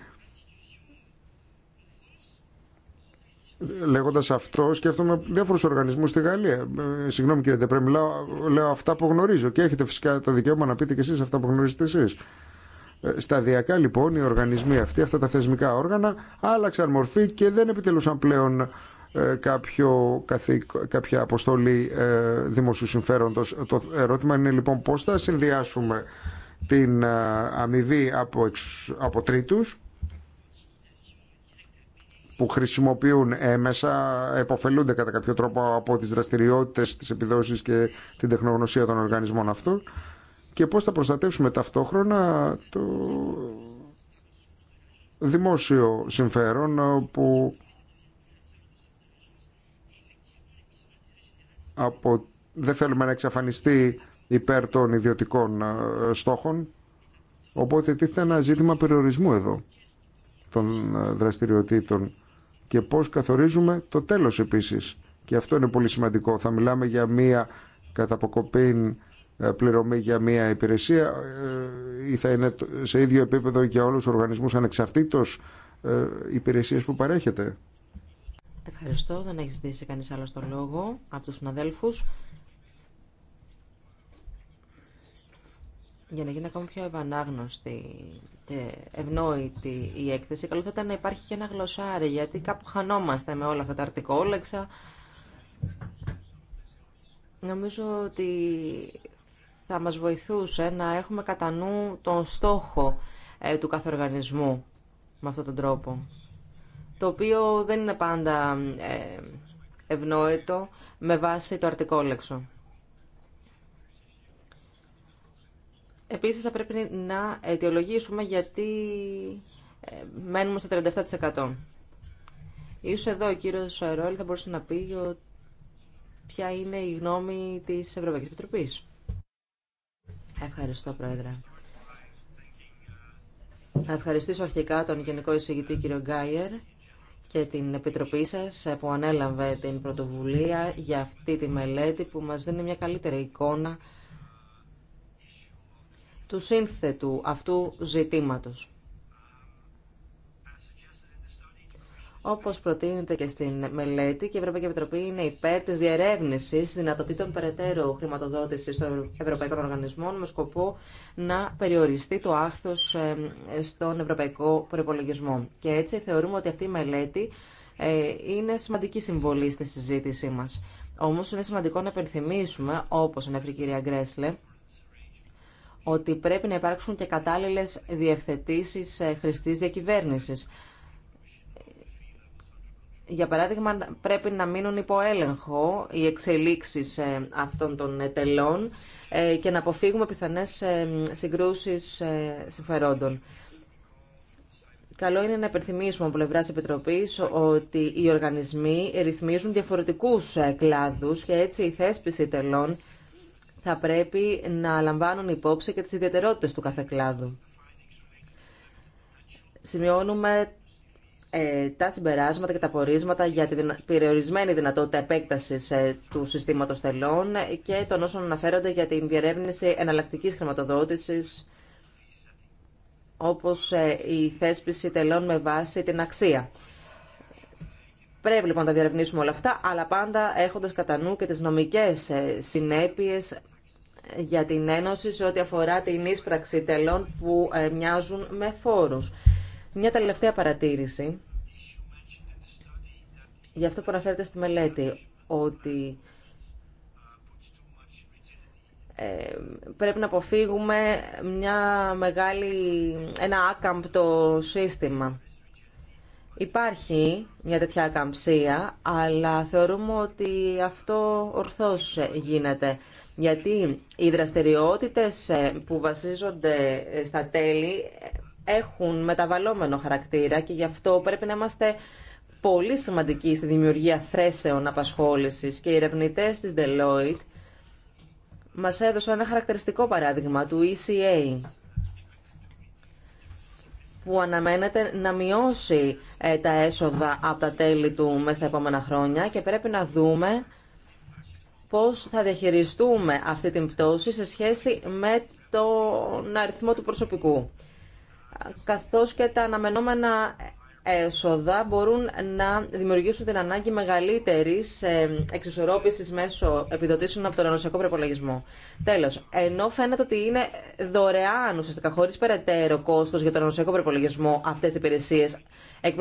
Λέγοντα αυτό, σκέφτομαι διάφορου οργανισμού στη Γαλλία. Ε, συγγνώμη κύριε Τεπρέ, λέω αυτά που γνωρίζω και έχετε φυσικά το δικαίωμα να πείτε κι εσεί αυτά που γνωρίζετε εσεί. Ε, σταδιακά λοιπόν οι οργανισμοί αυτοί, αυτά τα θεσμικά όργανα, άλλαξαν μορφή και δεν επιτελούσαν πλέον ε, κάποιο, κάποια αποστολή ε, δημοσίου συμφέροντο. Το ερώτημα είναι λοιπόν πώ θα συνδυάσουμε την ε, αμοιβή από, από τρίτους που χρησιμοποιούν έμεσα, επωφελούνται κατά κάποιο τρόπο από τις δραστηριότητες, τις επιδόσεις και την τεχνογνωσία των οργανισμών αυτών και πώς θα προστατεύσουμε ταυτόχρονα το δημόσιο συμφέρον που από... δεν θέλουμε να εξαφανιστεί υπέρ των ιδιωτικών ε, στόχων οπότε τίθεται ένα ζήτημα περιορισμού εδώ των ε, δραστηριοτήτων και πώς καθορίζουμε το τέλος επίσης. Και αυτό είναι πολύ σημαντικό. Θα μιλάμε για μία καταποκοπή ε, πληρωμή για μία υπηρεσία ε, ή θα είναι σε ίδιο επίπεδο για όλους τους οργανισμούς ανεξαρτήτως ε, υπηρεσίες που παρέχεται. Ευχαριστώ. Δεν έχει ζητήσει κανείς άλλο το λόγο από τους συναδέλφους. για να γίνει ακόμη πιο ευανάγνωστη και ευνόητη η έκθεση, καλό θα ήταν να υπάρχει και ένα γλωσσάρι, γιατί κάπου χανόμαστε με όλα αυτά τα αρτικόλεξα. Νομίζω ότι θα μας βοηθούσε να έχουμε κατά νου τον στόχο ε, του κάθε οργανισμού με αυτόν τον τρόπο, το οποίο δεν είναι πάντα ε, ευνόητο με βάση το αρτικόλεξο. Επίσης θα πρέπει να αιτιολογήσουμε γιατί ε, μένουμε στο 37%. Ίσως εδώ ο κύριος Σοερόλη θα μπορούσε να πει ποια είναι η γνώμη της Ευρωπαϊκής Επιτροπής. Ευχαριστώ, Πρόεδρε. Να ευχαριστήσω αρχικά τον Γενικό Εισηγητή κύριο Γκάιερ και την Επιτροπή σας ε, που ανέλαβε την πρωτοβουλία για αυτή τη μελέτη που μας δίνει μια καλύτερη εικόνα του σύνθετου αυτού ζητήματος. Όπως προτείνεται και στην μελέτη, και η Ευρωπαϊκή Επιτροπή είναι υπέρ της διερεύνησης δυνατοτήτων περαιτέρω χρηματοδότησης των ευρωπαϊκών οργανισμών με σκοπό να περιοριστεί το άχθος ε, στον ευρωπαϊκό προπολογισμό. Και έτσι θεωρούμε ότι αυτή η μελέτη ε, είναι σημαντική συμβολή στη συζήτησή μας. Όμως είναι σημαντικό να επενθυμίσουμε, όπως ανέφερε η κυρία Γκρέσλε, ότι πρέπει να υπάρξουν και κατάλληλες διευθετήσεις ε, χρηστής διακυβέρνησης. Για παράδειγμα, πρέπει να μείνουν υπό έλεγχο οι εξελίξεις ε, αυτών των τελών ε, και να αποφύγουμε πιθανές συγκρούσεις συμφερόντων. Καλό είναι να υπενθυμίσουμε από πλευρά Επιτροπή ότι οι οργανισμοί ρυθμίζουν διαφορετικού κλάδου και έτσι η θέσπιση τελών θα πρέπει να λαμβάνουν υπόψη και τις ιδιαιτερότητες του κάθε κλάδου. Σημειώνουμε ε, τα συμπεράσματα και τα πορίσματα για την περιορισμένη δυνατότητα επέκτασης ε, του συστήματος τελών και των όσων αναφέρονται για την διερεύνηση εναλλακτική χρηματοδότησης όπως ε, η θέσπιση τελών με βάση την αξία. Πρέπει λοιπόν να τα διαρευνήσουμε όλα αυτά, αλλά πάντα έχοντας κατά νου και τις νομικές ε, συνέπειες για την Ένωση σε ό,τι αφορά την ίσπραξη τελών που ε, μοιάζουν με φόρους. Μια τελευταία παρατήρηση. Γι' αυτό που αναφέρεται στη μελέτη, ότι ε, πρέπει να αποφύγουμε μια μεγάλη, ένα άκαμπτο σύστημα. Υπάρχει μια τέτοια ακαμψία, αλλά θεωρούμε ότι αυτό ορθώς γίνεται. Γιατί οι δραστηριότητες ε, που βασίζονται ε, στα τέλη ε, έχουν μεταβαλλόμενο χαρακτήρα και γι' αυτό πρέπει να είμαστε πολύ σημαντικοί στη δημιουργία θέσεων απασχόλησης και οι ερευνητέ της Deloitte μας έδωσαν ένα χαρακτηριστικό παράδειγμα του ECA που αναμένεται να μειώσει τα έσοδα από τα τέλη του μέσα στα επόμενα χρόνια και πρέπει να δούμε πώς θα διαχειριστούμε αυτή την πτώση σε σχέση με τον αριθμό του προσωπικού. Καθώς και τα αναμενόμενα έσοδα μπορούν να δημιουργήσουν την ανάγκη μεγαλύτερης ε, εξισορρόπησης μέσω επιδοτήσεων από τον ενωσιακό προπολογισμό. Τέλος, ενώ φαίνεται ότι είναι δωρεάν ουσιαστικά χωρίς περαιτέρω κόστος... για τον ενωσιακό προπολογισμό αυτές οι υπηρεσίες, εκ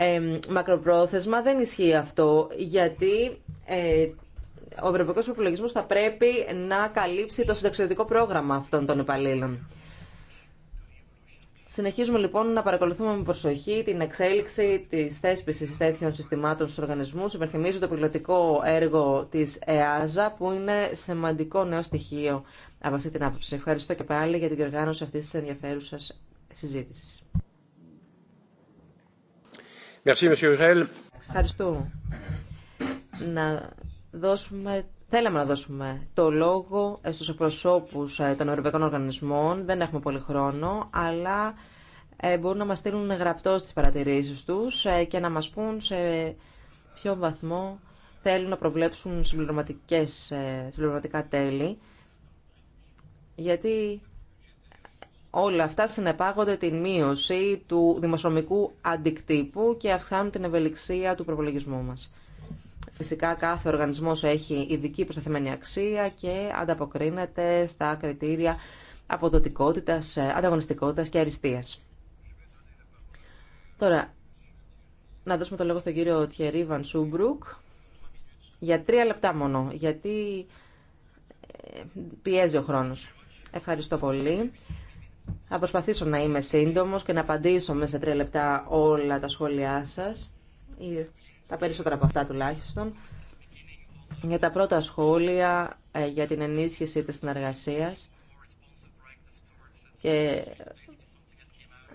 ε, μακροπρόθεσμα δεν ισχύει αυτό γιατί ε, ο Ευρωπαϊκός Προπολογισμός θα πρέπει να καλύψει το συνταξιδετικό πρόγραμμα αυτών των υπαλλήλων. Συνεχίζουμε λοιπόν να παρακολουθούμε με προσοχή την εξέλιξη τη θέσπιση τέτοιων συστημάτων στου οργανισμού. Υπενθυμίζω το πιλωτικό έργο τη ΕΑΖΑ, που είναι σημαντικό νέο στοιχείο από αυτή την άποψη. Ευχαριστώ και πάλι για την διοργάνωση αυτή τη ενδιαφέρουσα συζήτηση δώσουμε, θέλαμε να δώσουμε το λόγο στους εκπροσώπους ε, των ευρωπαϊκών οργανισμών. Δεν έχουμε πολύ χρόνο, αλλά ε, μπορούν να μας στείλουν γραπτό στις παρατηρήσεις τους ε, και να μας πούν σε ποιο βαθμό θέλουν να προβλέψουν συμπληρωματικά τέλη. Γιατί όλα αυτά συνεπάγονται την μείωση του δημοσιονομικού αντικτύπου και αυξάνουν την ευελιξία του προπολογισμού μας. Φυσικά κάθε οργανισμός έχει ειδική προσταθεμένη αξία και ανταποκρίνεται στα κριτήρια αποδοτικότητας, ε, ανταγωνιστικότητας και αριστείας. Τώρα, να δώσουμε το λόγο στον κύριο Τιερή Σούμπρουκ για τρία λεπτά μόνο, γιατί ε, πιέζει ο χρόνος. Ευχαριστώ πολύ. Θα προσπαθήσω να είμαι σύντομος και να απαντήσω μέσα σε τρία λεπτά όλα τα σχόλιά σας τα περισσότερα από αυτά τουλάχιστον, για τα πρώτα σχόλια ε, για την ενίσχυση της συνεργασίας και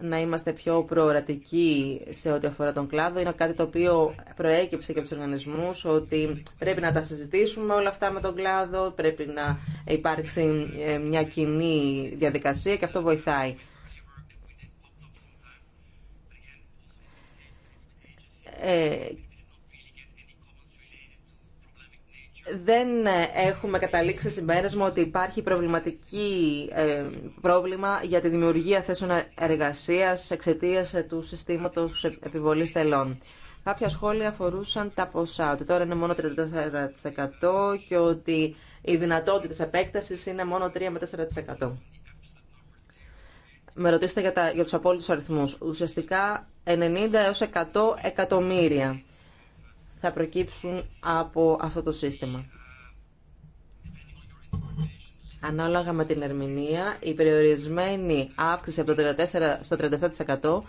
να είμαστε πιο προορατικοί σε ό,τι αφορά τον κλάδο. Είναι κάτι το οποίο προέκυψε και από του οργανισμού, ότι πρέπει να τα συζητήσουμε όλα αυτά με τον κλάδο, πρέπει να υπάρξει ε, μια κοινή διαδικασία και αυτό βοηθάει. Ε, δεν έχουμε καταλήξει συμπέρασμα ότι υπάρχει προβληματική ε, πρόβλημα για τη δημιουργία θέσεων εργασίας εξαιτία ε, του συστήματο επιβολή τελών. Κάποια σχόλια αφορούσαν τα ποσά, ότι τώρα είναι μόνο 34% και ότι οι δυνατότητε επέκταση είναι μόνο 3 με 4%. Με ρωτήσετε για, τα, για τους απόλυτους αριθμούς. Ουσιαστικά 90 έως 100 εκατομμύρια θα προκύψουν από αυτό το σύστημα. Ανάλογα με την ερμηνεία, η περιορισμένη αύξηση από το 34% στο 37%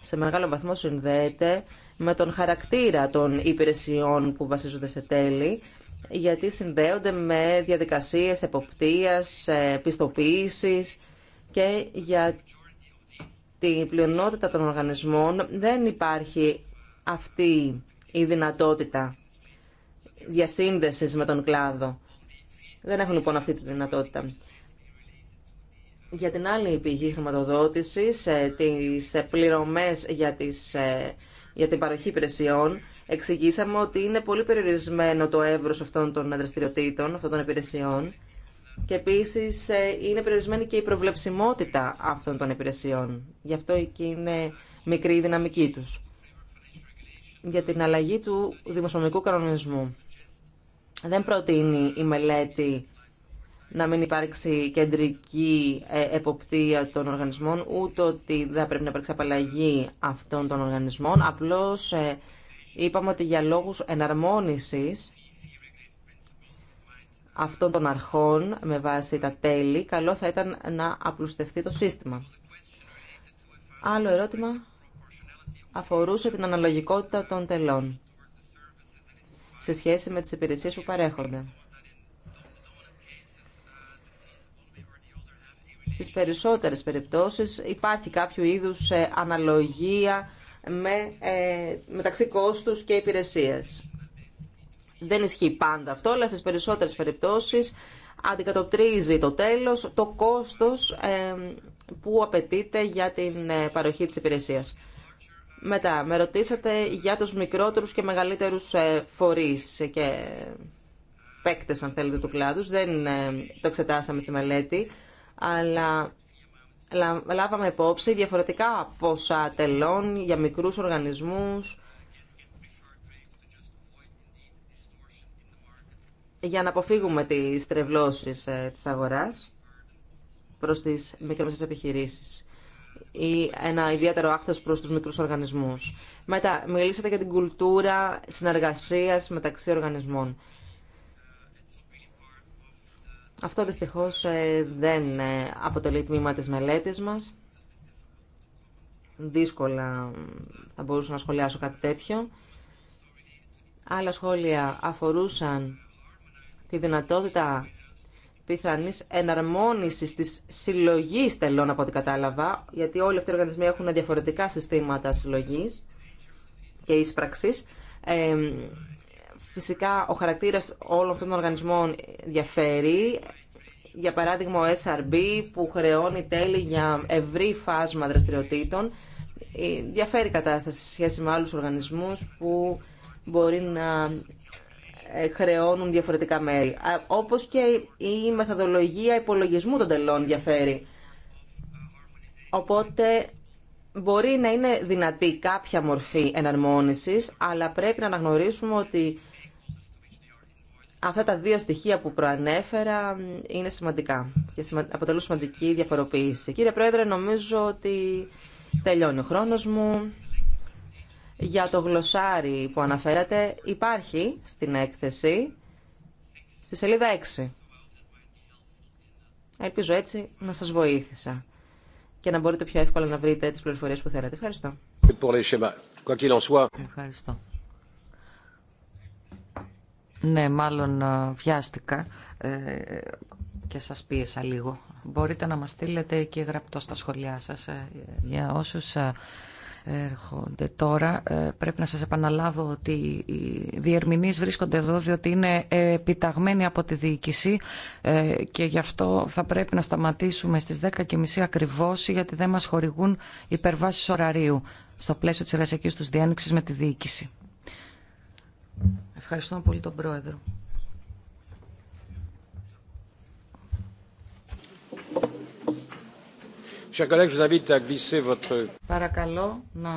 σε μεγάλο βαθμό συνδέεται με τον χαρακτήρα των υπηρεσιών που βασίζονται σε τέλη, γιατί συνδέονται με διαδικασίες εποπτείας, ε, πιστοποίησης και για την πλειονότητα των οργανισμών δεν υπάρχει αυτή η δυνατότητα διασύνδεσης με τον κλάδο. Δεν έχουν λοιπόν αυτή τη δυνατότητα. Για την άλλη πηγή χρηματοδότησης, ε, τις ε, πληρωμές για, τις, ε, για την παροχή υπηρεσιών, εξηγήσαμε ότι είναι πολύ περιορισμένο το εύρος αυτών των δραστηριοτήτων, αυτών των υπηρεσιών και επίσης είναι περιορισμένη και η προβλεψιμότητα αυτών των υπηρεσιών. Γι' αυτό εκεί είναι μικρή η δυναμική τους για την αλλαγή του δημοσιονομικού κανονισμού. Δεν προτείνει η μελέτη να μην υπάρξει κεντρική ε, εποπτεία των οργανισμών, ούτε ότι δεν πρέπει να υπάρξει απαλλαγή αυτών των οργανισμών. Απλώς ε, είπαμε ότι για λόγους εναρμόνισης αυτών των αρχών με βάση τα τέλη, καλό θα ήταν να απλουστευτεί το σύστημα. Άλλο ερώτημα αφορούσε την αναλογικότητα των τελών σε σχέση με τις υπηρεσίες που παρέχονται. Στις περισσότερες περιπτώσεις υπάρχει κάποιο είδους ε, αναλογία με, ε, μεταξύ κόστους και υπηρεσίες. Δεν ισχύει πάντα αυτό, αλλά στις περισσότερες περιπτώσεις αντικατοπτρίζει το τέλος το κόστος ε, που απαιτείται για την ε, παροχή της υπηρεσίας. Μετά, με ρωτήσατε για τους μικρότερους και μεγαλύτερους ε, φορείς και παίκτες, αν θέλετε, του κλάδους. Δεν ε, το εξετάσαμε στη μελέτη, αλλά λάβαμε υπόψη διαφορετικά ποσά τελών για μικρούς οργανισμούς, για να αποφύγουμε τις τρευλώσεις ε, της αγοράς προς τις μικρόμεσες επιχειρήσεις ή ένα ιδιαίτερο άκθος προς τους μικρούς οργανισμούς. Μετά, μιλήσατε για την κουλτούρα συνεργασίας μεταξύ οργανισμών. Αυτό δυστυχώς ε, δεν ε, αποτελεί τμήμα της μελέτης μας. Δύσκολα θα μπορούσα να σχολιάσω κάτι τέτοιο. Άλλα σχόλια αφορούσαν τη δυνατότητα πιθανής εναρμόνισης τη συλλογή τελών από ό,τι κατάλαβα, γιατί όλοι αυτοί οι οργανισμοί έχουν διαφορετικά συστήματα συλλογή και ίσπραξη. φυσικά ο χαρακτήρας όλων αυτών των οργανισμών διαφέρει. Για παράδειγμα ο SRB που χρεώνει τέλη για ευρύ φάσμα δραστηριοτήτων. Ε, διαφέρει κατάσταση σε σχέση με άλλους οργανισμούς που μπορεί να χρεώνουν διαφορετικά μέρη. Όπως και η μεθοδολογία υπολογισμού των τελών διαφέρει. Οπότε μπορεί να είναι δυνατή κάποια μορφή εναρμόνισης, αλλά πρέπει να αναγνωρίσουμε ότι αυτά τα δύο στοιχεία που προανέφερα είναι σημαντικά και αποτελούν σημαντική διαφοροποίηση. Κύριε Πρόεδρε, νομίζω ότι τελειώνει ο χρόνος μου για το γλωσσάρι που αναφέρατε υπάρχει στην έκθεση στη σελίδα 6. Ελπίζω έτσι να σας βοήθησα και να μπορείτε πιο εύκολα να βρείτε τις πληροφορίες που θέλετε. Ευχαριστώ. Ευχαριστώ. Ναι, μάλλον ε, βιάστηκα ε, και σας πίεσα λίγο. Μπορείτε να μας στείλετε και γραπτό στα σχολιά σας ε, για όσους έρχονται τώρα. Ε, πρέπει να σας επαναλάβω ότι οι διερμηνείς βρίσκονται εδώ διότι είναι επιταγμένοι από τη διοίκηση ε, και γι' αυτό θα πρέπει να σταματήσουμε στις 10.30 ακριβώς γιατί δεν μας χορηγούν υπερβάσεις ωραρίου στο πλαίσιο της εργασιακής τους διάνοιξης με τη διοίκηση. Ευχαριστώ πολύ τον Πρόεδρο. Παρακαλώ να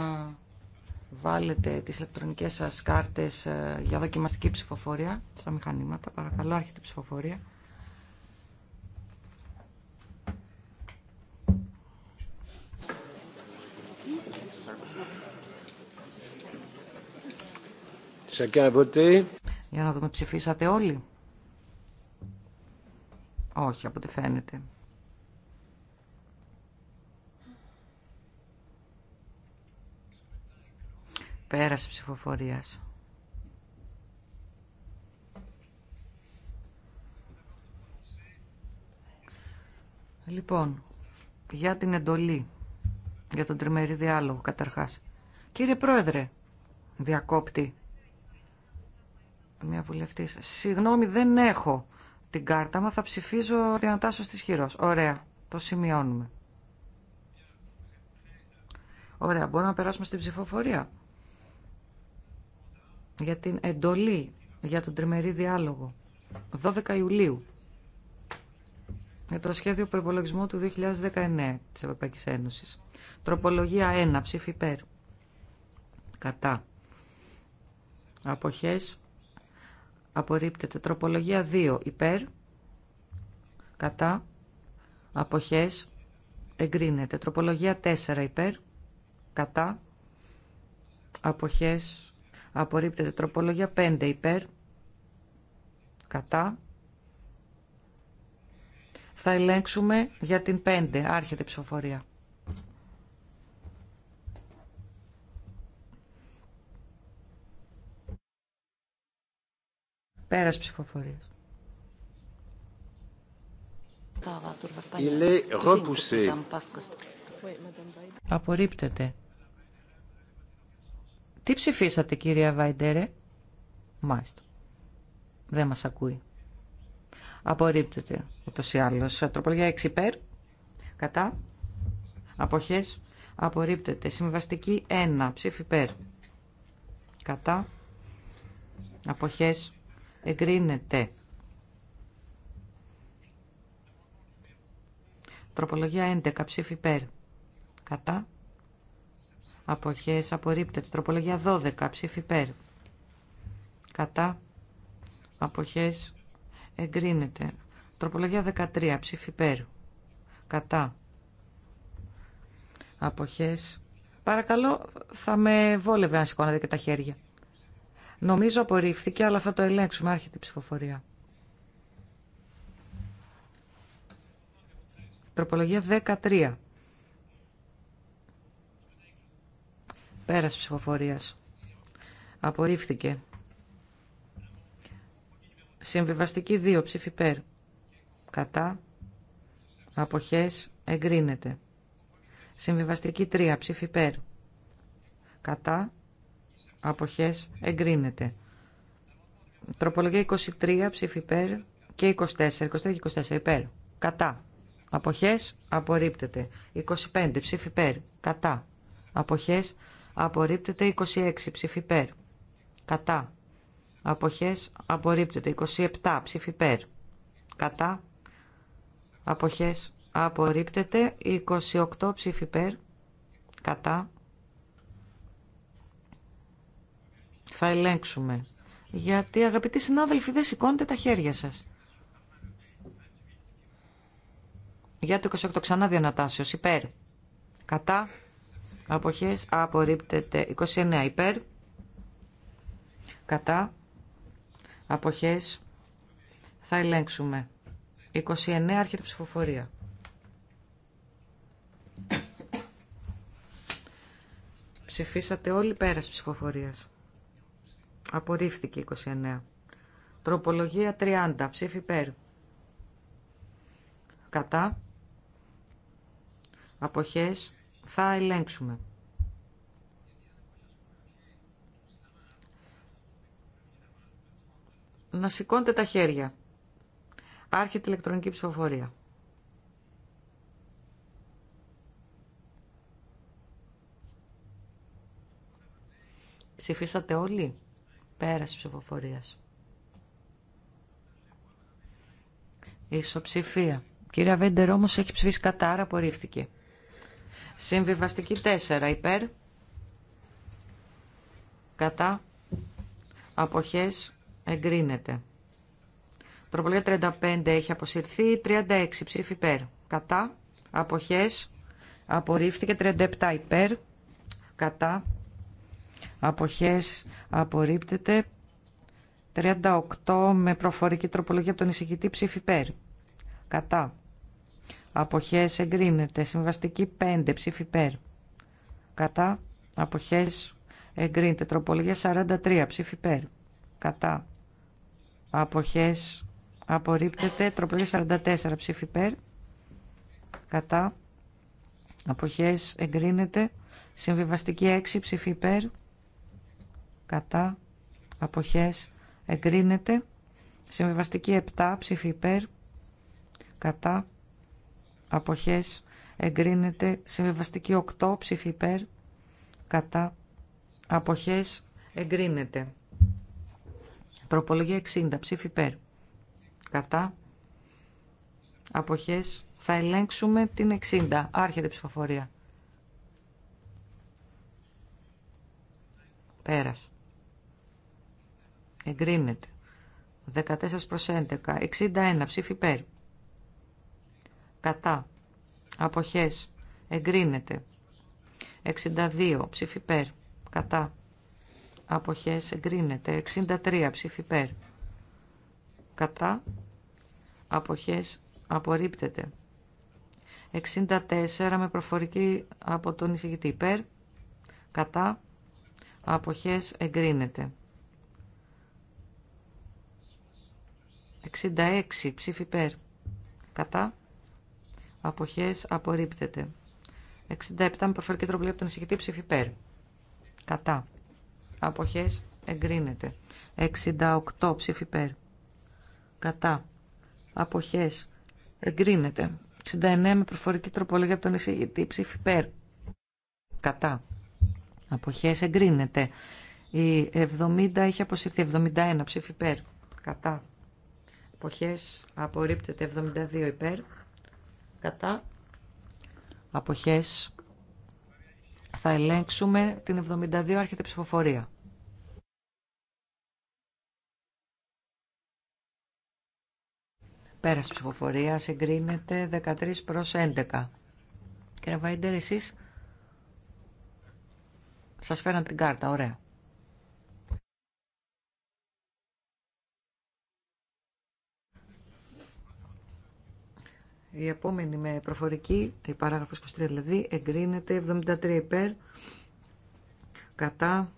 βάλετε τις ηλεκτρονικές σας κάρτες ε, για δοκιμαστική ψηφοφορία στα μηχανήματα. Παρακαλώ, άρχεται η ψηφοφορία. Για να δούμε, ψηφίσατε όλοι. Όχι, από ό,τι φαίνεται. Πέραση ψηφοφορίας. Λοιπόν, για την εντολή, για τον τριμερή διάλογο καταρχάς. Κύριε Πρόεδρε, διακόπτη, μια βουλευτής, συγγνώμη δεν έχω την κάρτα μα. θα ψηφίζω δυνατάσω στις χειρός. Ωραία, το σημειώνουμε. Ωραία, μπορούμε να περάσουμε στην ψηφοφορία για την εντολή για τον τριμερή διάλογο 12 Ιουλίου για το σχέδιο προπολογισμού του 2019 της Ευρωπαϊκής Ένωσης. Τροπολογία 1, ψήφι υπέρ. Κατά. Αποχές. Απορρίπτεται. Τροπολογία 2, υπέρ. Κατά. Αποχές. Εγκρίνεται. Τροπολογία 4, υπέρ. Κατά. Αποχές Απορρίπτεται τροπολογία 5 υπέρ. Κατά. Θα ελέγξουμε για την 5. Άρχεται η ψηφοφορία. Πέρας ψηφοφορίας. Il est repoussé. Απορρίπτεται. Τι ψηφίσατε κυρία Βαϊντέρε. Μάλιστα. Δεν μας ακούει. Απορρίπτεται ούτως ή άλλως. Τροπολογία 6 υπέρ. Κατά. Αποχές. Απορρίπτεται. Συμβαστική 1. Ψήφι υπέρ. Κατά. Αποχές. Εγκρίνεται. Τροπολογία 11. Ψήφι υπέρ. Κατά αποχές απορρίπτεται. Τροπολογία 12, ψήφι υπέρ. Κατά αποχές εγκρίνεται. Τροπολογία 13, ψήφι υπέρ. Κατά αποχές. Παρακαλώ, θα με βόλευε αν σηκώνατε και τα χέρια. Νομίζω απορρίφθηκε, αλλά θα το ελέγξουμε. Άρχεται η ψηφοφορία. Τροπολογία 13. Πέρας ψηφοφορία. Απορρίφθηκε. Συμβιβαστική 2 ψήφι περ. Κατά. Αποχές. Εγκρίνεται. Συμβιβαστική 3 ψήφι περ. Κατά. Αποχές. Εγκρίνεται. Τροπολογία 23 ψήφι περ και 24. 23 και 24 υπέρ. Κατά. Αποχές. Απορρίπτεται. 25 ψήφι περ. Κατά. Αποχές απορρίπτεται 26 ψήφι υπέρ. Κατά. Αποχές απορρίπτεται 27 ψήφι Κατά. Αποχές απορρίπτεται 28 ψήφι υπέρ. Κατά. Θα ελέγξουμε. Γιατί αγαπητοί συνάδελφοι δεν σηκώνετε τα χέρια σας. Για το 28 ξανά διανατάσεως υπέρ. Κατά. Αποχές απορρίπτεται 29 υπέρ. Κατά. Αποχές θα ελέγξουμε. 29 άρχεται ψηφοφορία. Ψηφίσατε όλοι πέρας ψηφοφορίας. Απορρίφθηκε 29. Τροπολογία 30. Ψήφι υπέρ. Κατά. Αποχές. Θα ελέγξουμε. Να σηκώνετε τα χέρια. Άρχεται ηλεκτρονική ψηφοφορία. Ψηφίσατε όλοι. Πέραση ψηφοφορίας. Ισοψηφία. Κυρία Βέντερ όμως έχει ψηφίσει κατά, άρα απορρίφθηκε. Συμβιβαστική 4 υπέρ. Κατά. Αποχές εγκρίνεται. Τροπολογία 35 έχει αποσυρθεί. 36 ψήφι υπέρ. Κατά. Αποχές απορρίφθηκε. 37 υπέρ. Κατά. Αποχές απορρίπτεται. 38 με προφορική τροπολογία από τον εισηγητή ψήφι υπέρ. Κατά αποχές εγκρίνεται. Συμβαστική 5 ψήφι υπέρ. Κατά αποχές εγκρίνεται. Τροπολογία 43 ψήφι Κατά αποχές απορρίπτεται. Τροπολογία 44 ψήφι Κατά αποχές εγκρίνεται. Συμβιβαστική 6 ψήφι υπέρ. Κατά αποχές εγκρίνεται. Συμβιβαστική 7 ψήφι Κατά αποχές εγκρίνεται συμβιβαστική 8 ψήφι υπέρ κατά αποχές εγκρίνεται τροπολογία 60 ψήφι υπέρ κατά αποχές θα ελέγξουμε την 60 άρχεται ψηφοφορία πέρας εγκρίνεται 14 προς 11 61 ψήφι υπέρ κατά, αποχές, εγκρίνεται. 62 ψήφι περ, κατά, αποχές, εγκρίνεται. 63 ψήφι περ, κατά, αποχές, απορρίπτεται. 64 με προφορική από τον εισηγητή περ. κατά, αποχές εγκρίνεται. 66 ψήφι κατά, αποχές απορρίπτεται. 67 με προφορική τροπολογία από τον εισηγητή ψήφι υπέρ. Κατά. Αποχές εγκρίνεται. 68 ψήφι υπέρ. Κατά. Αποχές εγκρίνεται. 69 με προφορική τροπολογία από τον εισηγητή ψήφι υπέρ. Κατά. Αποχές εγκρίνεται. Η 70 έχει αποσυρθεί. 71 ψήφι υπέρ. Κατά. Αποχές απορρίπτεται. 72 υπέρ κατά αποχές θα ελέγξουμε την 72 άρχεται ψηφοφορία. Πέρας ψηφοφορία συγκρίνεται 13 προς 11. Κύριε Βάιντερ, εσείς σας φέραν την κάρτα, ωραία. Η επόμενη με προφορική, η παράγραφος 23 δηλαδή, εγκρίνεται 73 υπέρ, κατά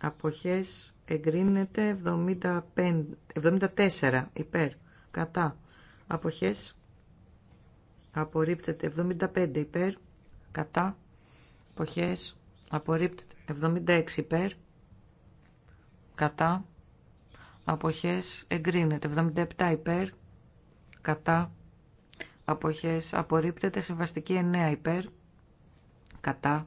αποχές εγκρίνεται 75, 74 υπέρ, κατά αποχές απορρίπτεται 75 υπέρ, κατά αποχές απορρίπτεται 76 υπέρ, κατά αποχές εγκρίνεται 77 υπέρ, κατά αποχές απορρίπτεται συμβαστική 9 υπέρ κατά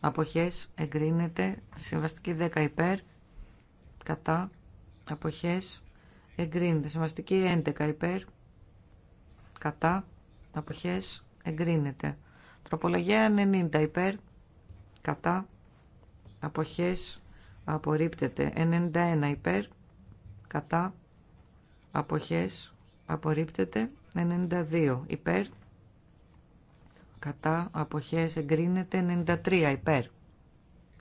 αποχές εγκρίνεται συμβαστική 10 υπέρ κατά αποχές εγκρίνεται συμβαστική 11 υπέρ κατά αποχές εγκρίνεται τροπολογία 90 υπέρ κατά αποχές απορρίπτεται 91 υπέρ κατά αποχές απορρίπτεται 92 υπέρ. Κατά αποχές εγκρίνεται 93 υπέρ.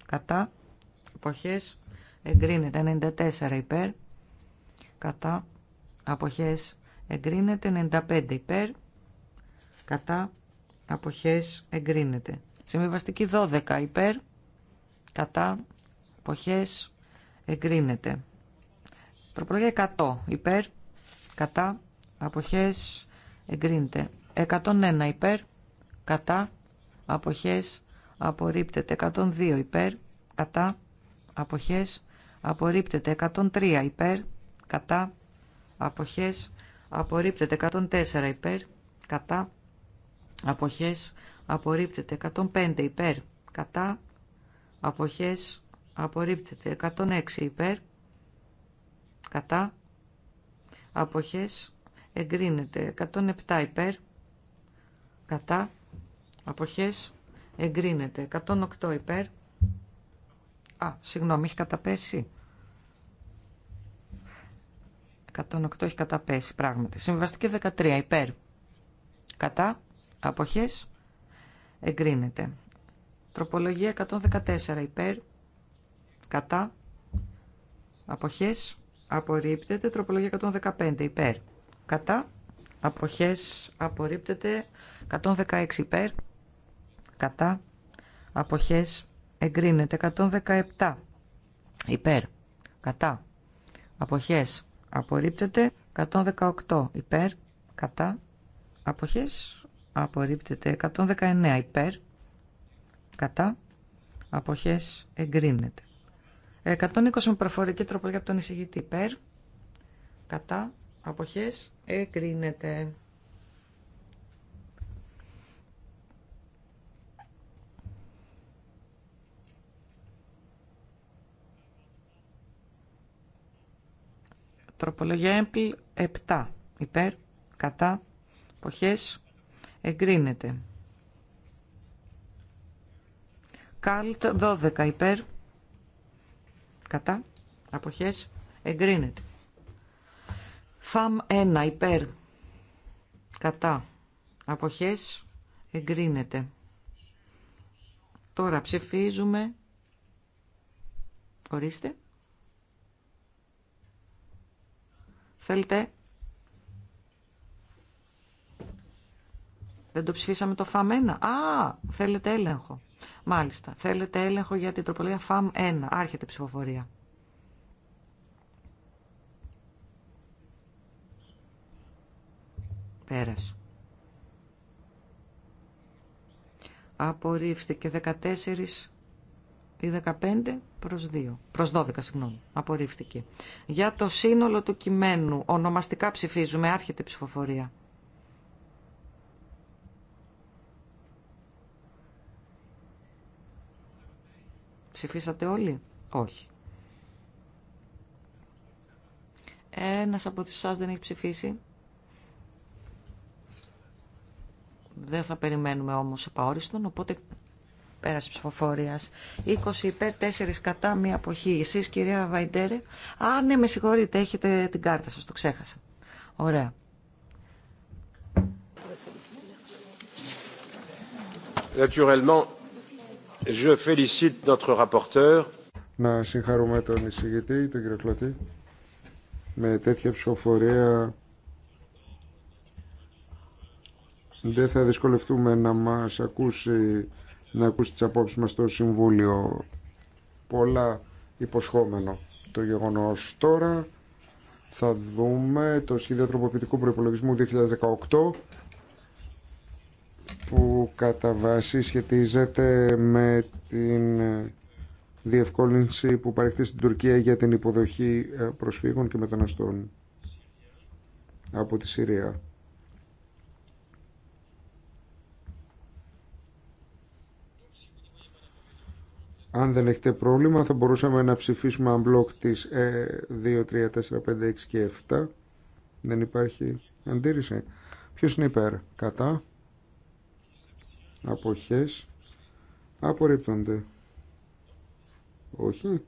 Κατά αποχές εγκρίνεται 94 υπέρ. Κατά αποχές εγκρίνεται 95 υπέρ. Κατά αποχές εγκρίνεται. Συμβιβαστική 12 υπέρ. Κατά αποχές εγκρίνεται. Τροπολογία 100 υπέρ. Κατά αποχές εγκρίνεται 101 υπέρ κατά αποχές απορρίπτεται 102 υπέρ κατά αποχές απορρίπτεται 103 υπέρ κατά αποχές απορρίπτεται 104 υπέρ κατά αποχές απορρίπτεται 105 υπέρ κατά αποχές απορρίπτεται 106 υπέρ κατά αποχές εγκρίνεται. 107 υπέρ, κατά, αποχές, εγκρίνεται. 108 υπέρ, α, συγγνώμη, έχει καταπέσει. 108 έχει καταπέσει, πράγματι. Συμβαστική 13 υπέρ, κατά, αποχές, εγκρίνεται. Τροπολογία 114 υπέρ, κατά, αποχές, απορρίπτεται. Τροπολογία 115 υπέρ κατά αποχές απορρίπτεται 116 υπέρ κατά αποχές εγκρίνεται 117 υπέρ κατά αποχές απορρίπτεται 118 υπέρ κατά αποχές απορρίπτεται 119 υπέρ κατά αποχές εγκρίνεται 120 με προφορική τροπολογία από τον εισηγητή υπέρ κατά αποχές εγκρίνεται. Τροπολογία έμπλ 7 υπέρ, κατά, αποχές εγκρίνεται. Κάλτ 12 υπέρ, κατά, αποχές εγκρίνεται. Φαμ 1 υπέρ. Κατά. Αποχές εγκρίνεται. Τώρα ψηφίζουμε. Ορίστε. Θέλετε. Δεν το ψηφίσαμε το ΦΑΜ 1. Α, θέλετε έλεγχο. Μάλιστα. Θέλετε έλεγχο για την τροπολογία ΦΑΜ 1. Άρχεται ψηφοφορία. Πέρας. Απορρίφθηκε 14 ή 15 προς 2. Προς 12, συγγνώμη. Απορρίφθηκε. Για το σύνολο του κειμένου, ονομαστικά ψηφίζουμε, άρχεται ψηφοφορία. Ψηφίσατε όλοι? Όχι. Ένας από σας δεν έχει ψηφίσει. Δεν θα περιμένουμε όμως επαόριστον, οπότε πέρασε ψηφοφορία. 20 υπέρ, 4 κατά, μία αποχή. Εσεί, κυρία Βαϊντέρε. Α, ναι, με συγχωρείτε, έχετε την κάρτα σα, το ξέχασα. Ωραία. Naturellement, je félicite notre rapporteur. Να συγχαρούμε τον εισηγητή, τον κύριο Κλωτή. Με τέτοια ψηφοφορία δεν θα δυσκολευτούμε να μας ακούσει, να ακούσει τις απόψεις μας στο Συμβούλιο. Πολλά υποσχόμενο το γεγονός τώρα. Θα δούμε το σχέδιο τροποποιητικού προϋπολογισμού 2018 που κατά βάση σχετίζεται με την διευκόλυνση που παρέχεται στην Τουρκία για την υποδοχή ε, προσφύγων και μεταναστών από τη Συρία. Αν δεν έχετε πρόβλημα θα μπορούσαμε να ψηφίσουμε αν μπλοκ τις 2, 3, 4, 5, 6 και 7. Δεν υπάρχει αντίρρηση. Ποιος είναι υπέρ. Κατά. Αποχές. Απορρίπτονται. Όχι.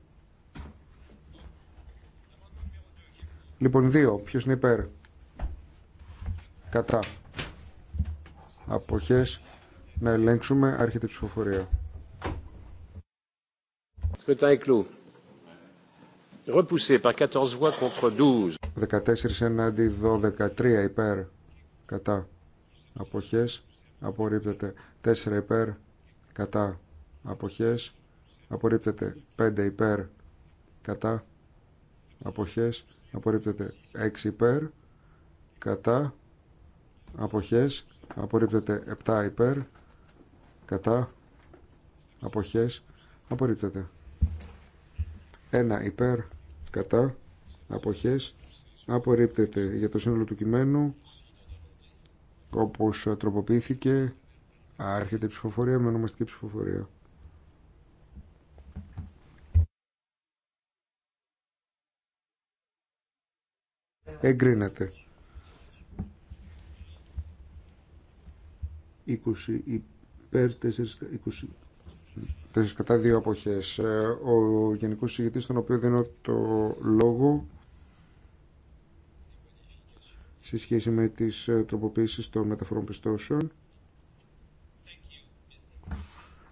Λοιπόν, 2. Ποιος είναι υπέρ. Κατά. Αποχές. Να ελέγξουμε. Άρχεται η ψηφοφορία. Scrutin est clos. Repoussé par 14 voix contre 12. 14 εναντί 12, 3 υπέρ, κατά. αποχέ, απορρίπτεται. 4 υπέρ, κατά. αποχέ, απορρίπτεται. 5 υπέρ, κατά. Αποχέ. απορρίπτεται. 6 υπέρ, κατά. Αποχέ. απορρίπτεται. 7 υπέρ, κατά. απόχέ, απορρίπτεται. Ένα υπέρ κατά αποχές απορρίπτεται για το σύνολο του κειμένου όπως τροποποιήθηκε άρχεται η ψηφοφορία με ονομαστική ψηφοφορία εγκρίνεται 20 υπέρ 4 20 Τέσσερις κατά δύο αποχές. Ε, ο Γενικός Συγητής, τον οποίο δίνω το λόγο σε σχέση με τις ε, τροποποίησεις των μεταφορών πιστώσεων.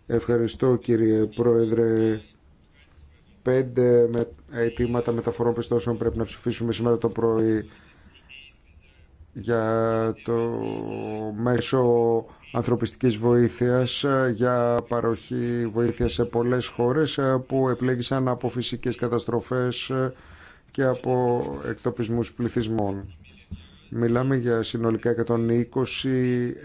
Ευχαριστώ κύριε Πρόεδρε. Πέντε με... αιτήματα μεταφορών πιστώσεων πρέπει να ψηφίσουμε σήμερα το πρωί για το μέσο ανθρωπιστικής βοήθειας ε, για παροχή βοήθειας σε πολλές χώρες ε, που επλέγησαν από φυσικές καταστροφές ε, και από εκτοπισμούς πληθυσμών. Μιλάμε για συνολικά 120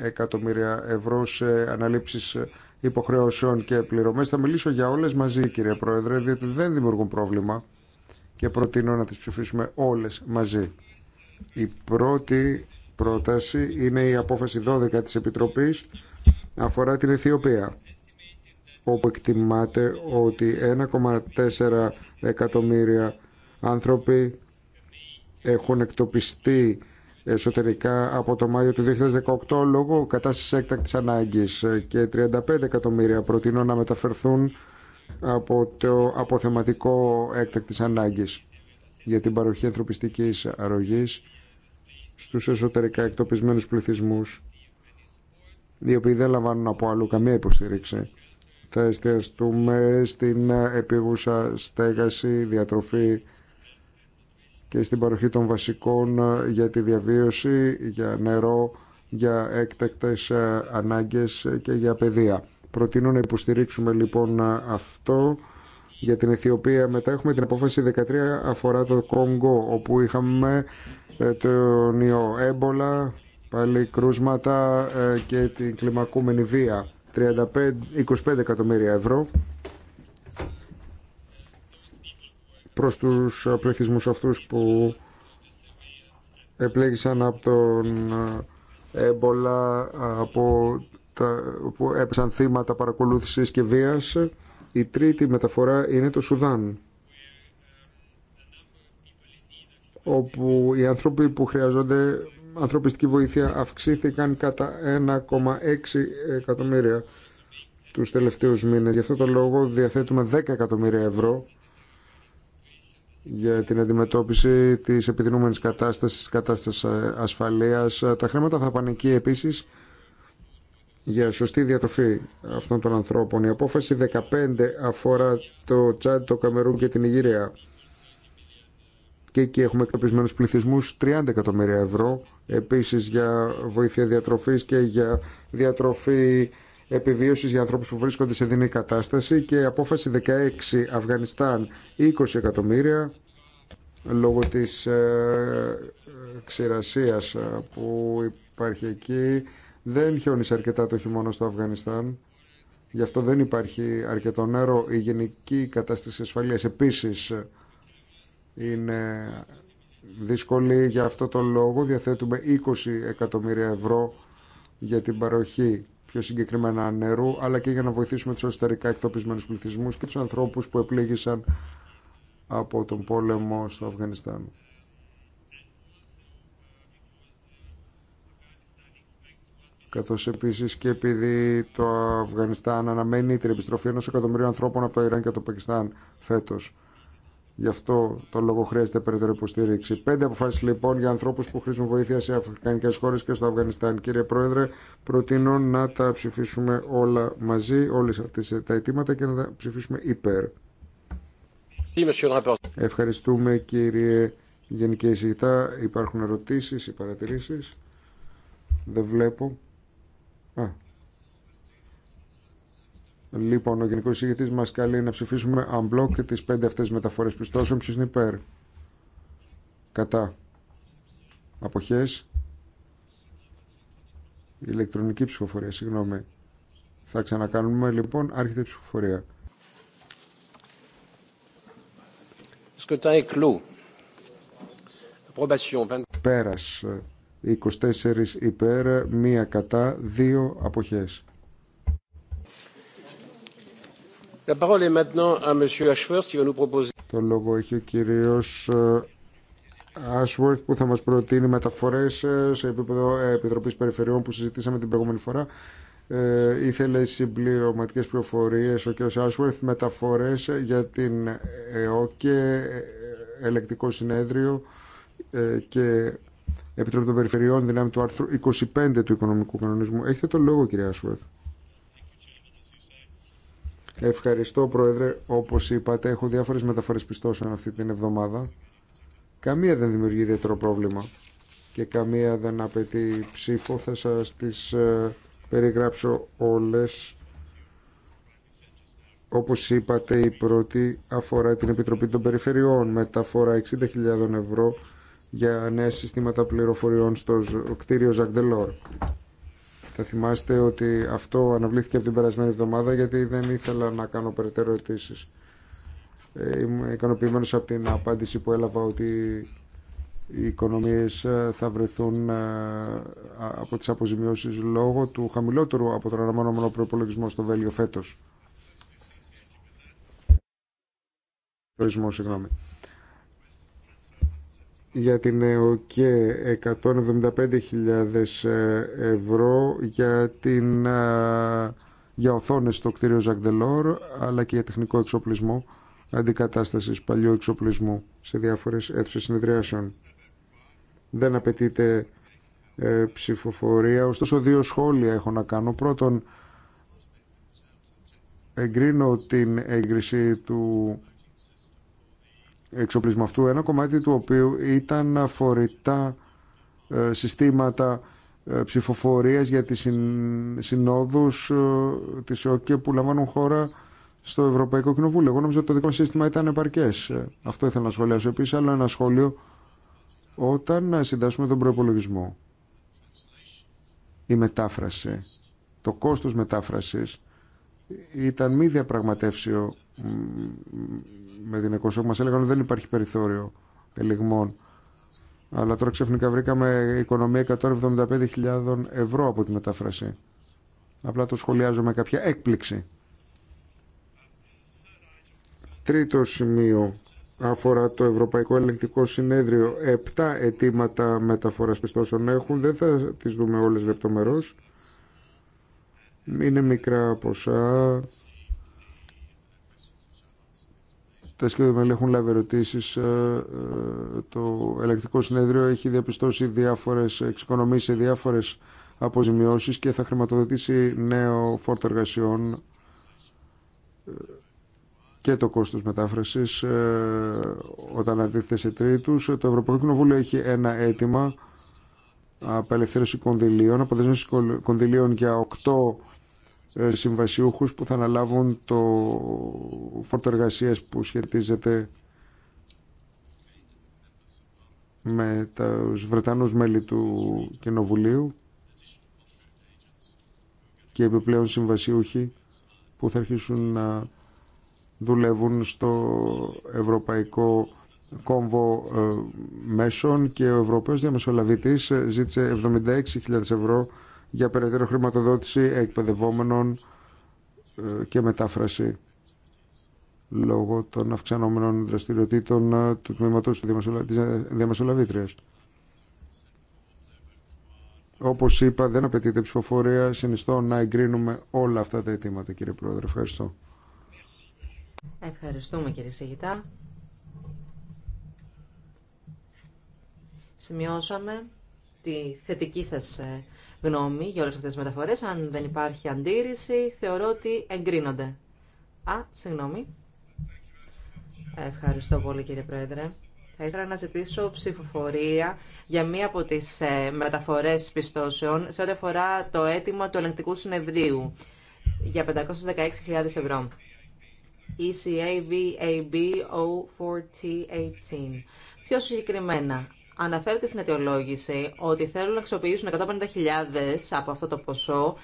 εκατομμύρια ευρώ σε αναλήψεις υποχρεώσεων και πληρωμές. Θα μιλήσω για όλες μαζί κύριε Πρόεδρε, διότι δεν δημιουργούν πρόβλημα και προτείνω να τις ψηφίσουμε όλες μαζί. Η πρώτη πρόταση είναι η απόφαση 12 της Επιτροπής αφορά την Αιθιοπία όπου εκτιμάται ότι 1,4 εκατομμύρια άνθρωποι έχουν εκτοπιστεί εσωτερικά από το Μάιο του 2018 λόγω κατάστασης έκτακτης ανάγκης και 35 εκατομμύρια προτείνω να μεταφερθούν από το αποθεματικό έκτακτης ανάγκης για την παροχή ανθρωπιστικής αρρωγής στους εσωτερικά εκτοπισμένους πληθυσμούς οι οποίοι δεν λαμβάνουν από αλλού καμία υποστήριξη. Θα εστιαστούμε στην επίγουσα στέγαση, διατροφή και στην παροχή των βασικών για τη διαβίωση, για νερό, για έκτακτες ανάγκες και για παιδεία. Προτείνω να υποστηρίξουμε λοιπόν αυτό για την Αιθιοπία. Μετά έχουμε την απόφαση 13 αφορά το Κόγκο, όπου είχαμε ε, τον ιό έμπολα, πάλι κρούσματα ε, και την κλιμακούμενη βία. 35, 25 εκατομμύρια ευρώ προς τους ε, πληθυσμούς αυτούς που επλέγησαν από τον έμπολα, από που έπεσαν θύματα παρακολούθησης και βίας. Η τρίτη μεταφορά είναι το Σουδάν. όπου οι άνθρωποι που χρειαζόνται ανθρωπιστική βοήθεια αυξήθηκαν κατά 1,6 εκατομμύρια τους τελευταίους μήνες. Γι' αυτό το λόγο διαθέτουμε 10 εκατομμύρια ευρώ για την αντιμετώπιση της επιδεινούμενης κατάστασης, κατάστασης ασφαλείας. Τα χρήματα θα πάνε εκεί επίσης για σωστή διατροφή αυτών των ανθρώπων. Η απόφαση 15 αφορά το Τσάντ, το Καμερούν και την Ιγυρία και εκεί έχουμε εκτοπισμένου πληθυσμού 30 εκατομμύρια ευρώ. Επίση για βοήθεια διατροφή και για διατροφή επιβίωση για ανθρώπου που βρίσκονται σε δινή κατάσταση. Και απόφαση 16 Αφγανιστάν 20 εκατομμύρια λόγω τη ε, ξηρασία ε, που υπάρχει εκεί. Δεν χιόνισε αρκετά το χειμώνα στο Αφγανιστάν. Γι' αυτό δεν υπάρχει αρκετό νερό. Η γενική κατάσταση ασφαλείας επίσης ε, είναι δύσκολη. Για αυτό το λόγο διαθέτουμε 20 εκατομμύρια ευρώ για την παροχή πιο συγκεκριμένα νερού, αλλά και για να βοηθήσουμε τους εσωτερικά εκτοπισμένους πληθυσμούς και τους ανθρώπους που επλήγησαν από τον πόλεμο στο Αφγανιστάν. καθώς επίσης και επειδή το Αφγανιστάν αναμένει την επιστροφή ενός εκατομμυρίου ανθρώπων από το Ιράν και το Πακιστάν φέτος. Γι' αυτό το λόγο χρειάζεται περαιτέρω υποστήριξη. Πέντε αποφάσει λοιπόν για ανθρώπου που χρήζουν βοήθεια σε αφρικανικέ χώρε και στο Αφγανιστάν. Κύριε Πρόεδρε, προτείνω να τα ψηφίσουμε όλα μαζί, όλε αυτέ τα αιτήματα και να τα ψηφίσουμε υπέρ. Ευχαριστούμε κύριε Γενική Εισηγητά. Υπάρχουν ερωτήσει ή παρατηρήσει. Δεν βλέπω. Α, Λοιπόν, ο Γενικό Συγητή μα καλεί να ψηφίσουμε unblock και τι πέντε αυτέ μεταφορέ πιστώσεων. Ποιο είναι υπέρ. Κατά. Αποχέ. Ηλεκτρονική ψηφοφορία, συγγνώμη. Θα ξανακάνουμε λοιπόν. Άρχεται η ψηφοφορία. Πέρας ε, 24 υπέρ, μία κατά, δύο αποχές. Το λόγο έχει ο κύριος ε, Ashworth που θα μας προτείνει μεταφορές ε, σε επίπεδο ε, Επιτροπής Περιφερειών που συζητήσαμε την προηγούμενη φορά. ήθελε συμπληρωματικές πληροφορίες ο κύριος Ashworth, μεταφορές για την ΕΟΚΕ, ελεκτικό συνέδριο και Επιτροπή των Περιφερειών, δυνάμει του άρθρου 25 του Οικονομικού Κανονισμού. Έχετε το λόγο, κύριε Ashworth. Ευχαριστώ, Πρόεδρε. Όπω είπατε, έχω διάφορε μεταφορέ πιστώσεων αυτή την εβδομάδα. Καμία δεν δημιουργεί ιδιαίτερο πρόβλημα και καμία δεν απαιτεί ψήφο. Θα σα τι ε, περιγράψω όλε. Όπω είπατε, η πρώτη αφορά την Επιτροπή των Περιφερειών. Μεταφορά 60.000 ευρώ για νέα συστήματα πληροφοριών στο κτίριο Ζακτελόρ. Θα θυμάστε ότι αυτό αναβλήθηκε από την περασμένη εβδομάδα γιατί δεν ήθελα να κάνω περαιτέρω ερωτήσει. Ε, είμαι ικανοποιημένο από την απάντηση που έλαβα ότι οι οικονομίες ε, θα βρεθούν ε, από τις αποζημιώσει λόγω του χαμηλότερου από τον αναμενόμενο προπολογισμό στο Βέλγιο φέτος. συγγνώμη για την ΕΟΚΕ 175.000 ε, ευρώ για, την, ε, για οθόνες στο κτίριο Ζαγντελόρ αλλά και για τεχνικό εξοπλισμό αντικατάστασης παλιού εξοπλισμού σε διάφορες αίθουσες συνεδριάσεων. Δεν απαιτείται ε, ψηφοφορία. Ωστόσο δύο σχόλια έχω να κάνω. Πρώτον, εγκρίνω την έγκριση του εξοπλισμού αυτού, ένα κομμάτι του οποίου ήταν φορητά ε, συστήματα ε, ψηφοφορίας για τις συνόδους ε, της ΟΚΕ που λαμβάνουν χώρα στο Ευρωπαϊκό Κοινοβούλιο. Εγώ νομίζω ότι το δικό μας σύστημα ήταν επαρκές. Αυτό ήθελα να σχολιάσω. Επίσης αλλά ένα σχόλιο όταν συντάσσουμε τον προπολογισμό. Η μετάφραση, το κόστος μετάφρασης ήταν μη διαπραγματεύσιο με την ΕΚΟΣΟΚ μας έλεγαν ότι δεν υπάρχει περιθώριο ελιγμών. Αλλά τώρα ξαφνικά βρήκαμε οικονομία 175.000 ευρώ από τη μετάφραση. Απλά το σχολιάζω με κάποια έκπληξη. Τρίτο σημείο αφορά το Ευρωπαϊκό Ελεγκτικό Συνέδριο. Επτά αιτήματα μεταφοράς πιστώσεων έχουν. Δεν θα τις δούμε όλες λεπτομερώς. Είναι μικρά ποσά. τα σχέδια έχουν λάβει ερωτήσει. Ε, ε, το ελεκτικό συνέδριο έχει διαπιστώσει διάφορε εξοικονομήσει σε διάφορε αποζημιώσει και θα χρηματοδοτήσει νέο φόρτο εργασιών ε, και το κόστος μετάφραση όταν αντίθεται σε τρίτου. Το Ευρωπαϊκό Κοινοβούλιο έχει ένα αίτημα απελευθέρωση κονδυλίων, αποδέσμευση κονδυλίων για οκτώ ε, συμβασιούχους που θα αναλάβουν το φόρτο εργασίας που σχετίζεται με τους Βρετανούς μέλη του Κοινοβουλίου και επιπλέον συμβασιούχοι που θα αρχίσουν να δουλεύουν στο Ευρωπαϊκό Κόμβο ε, Μέσων και ο Ευρωπαίος Διαμεσολαβητής ε, ζήτησε 76.000 ευρώ για περαιτέρω χρηματοδότηση εκπαιδευόμενων ε, και μετάφραση λόγω των αυξανόμενων δραστηριοτήτων ε, του τμήματος της ε, Διαμεσολαβήτριας. Όπως είπα, δεν απαιτείται ψηφοφορία. Συνιστώ να εγκρίνουμε όλα αυτά τα αιτήματα, κύριε Πρόεδρε. Ευχαριστώ. Ευχαριστούμε, κύριε Σιγητά. Σημειώσαμε τη θετική σας ε, γνώμη για όλες αυτές τις μεταφορές. Αν δεν υπάρχει αντίρρηση, θεωρώ ότι εγκρίνονται. Α, συγγνώμη. Ευχαριστώ πολύ κύριε Πρόεδρε. Θα ήθελα να ζητήσω ψηφοφορία για μία από τις ε, μεταφορές πιστώσεων σε ό,τι αφορά το αίτημα του ελεγκτικού συνεδρίου για 516.000 ευρώ. ecavabo 4 t 18 συγκεκριμένα, Αναφέρεται στην αιτιολόγηση ότι θέλουν να αξιοποιήσουν 150.000 από αυτό το ποσό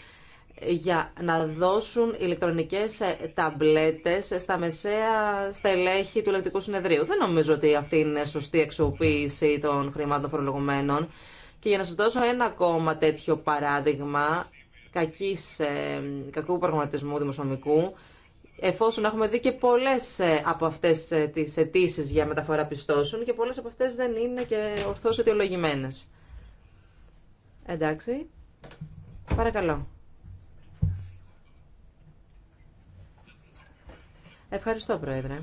για να δώσουν ηλεκτρονικές ε, ταμπλέτες στα μεσαία στελέχη του Ελεκτικού Συνεδρίου. Δεν νομίζω ότι αυτή είναι σωστή αξιοποίηση των χρημάτων φορολογουμένων. Και για να σας δώσω ένα ακόμα τέτοιο παράδειγμα κακής, ε, κακού προγραμματισμού δημοσιονομικού, εφόσον έχουμε δει και πολλές ε, από αυτές ε, τις αιτήσει για μεταφορά πιστώσεων και πολλές από αυτές δεν είναι και ορθώς αιτιολογημένε. Εντάξει. Παρακαλώ. Ευχαριστώ, Πρόεδρε.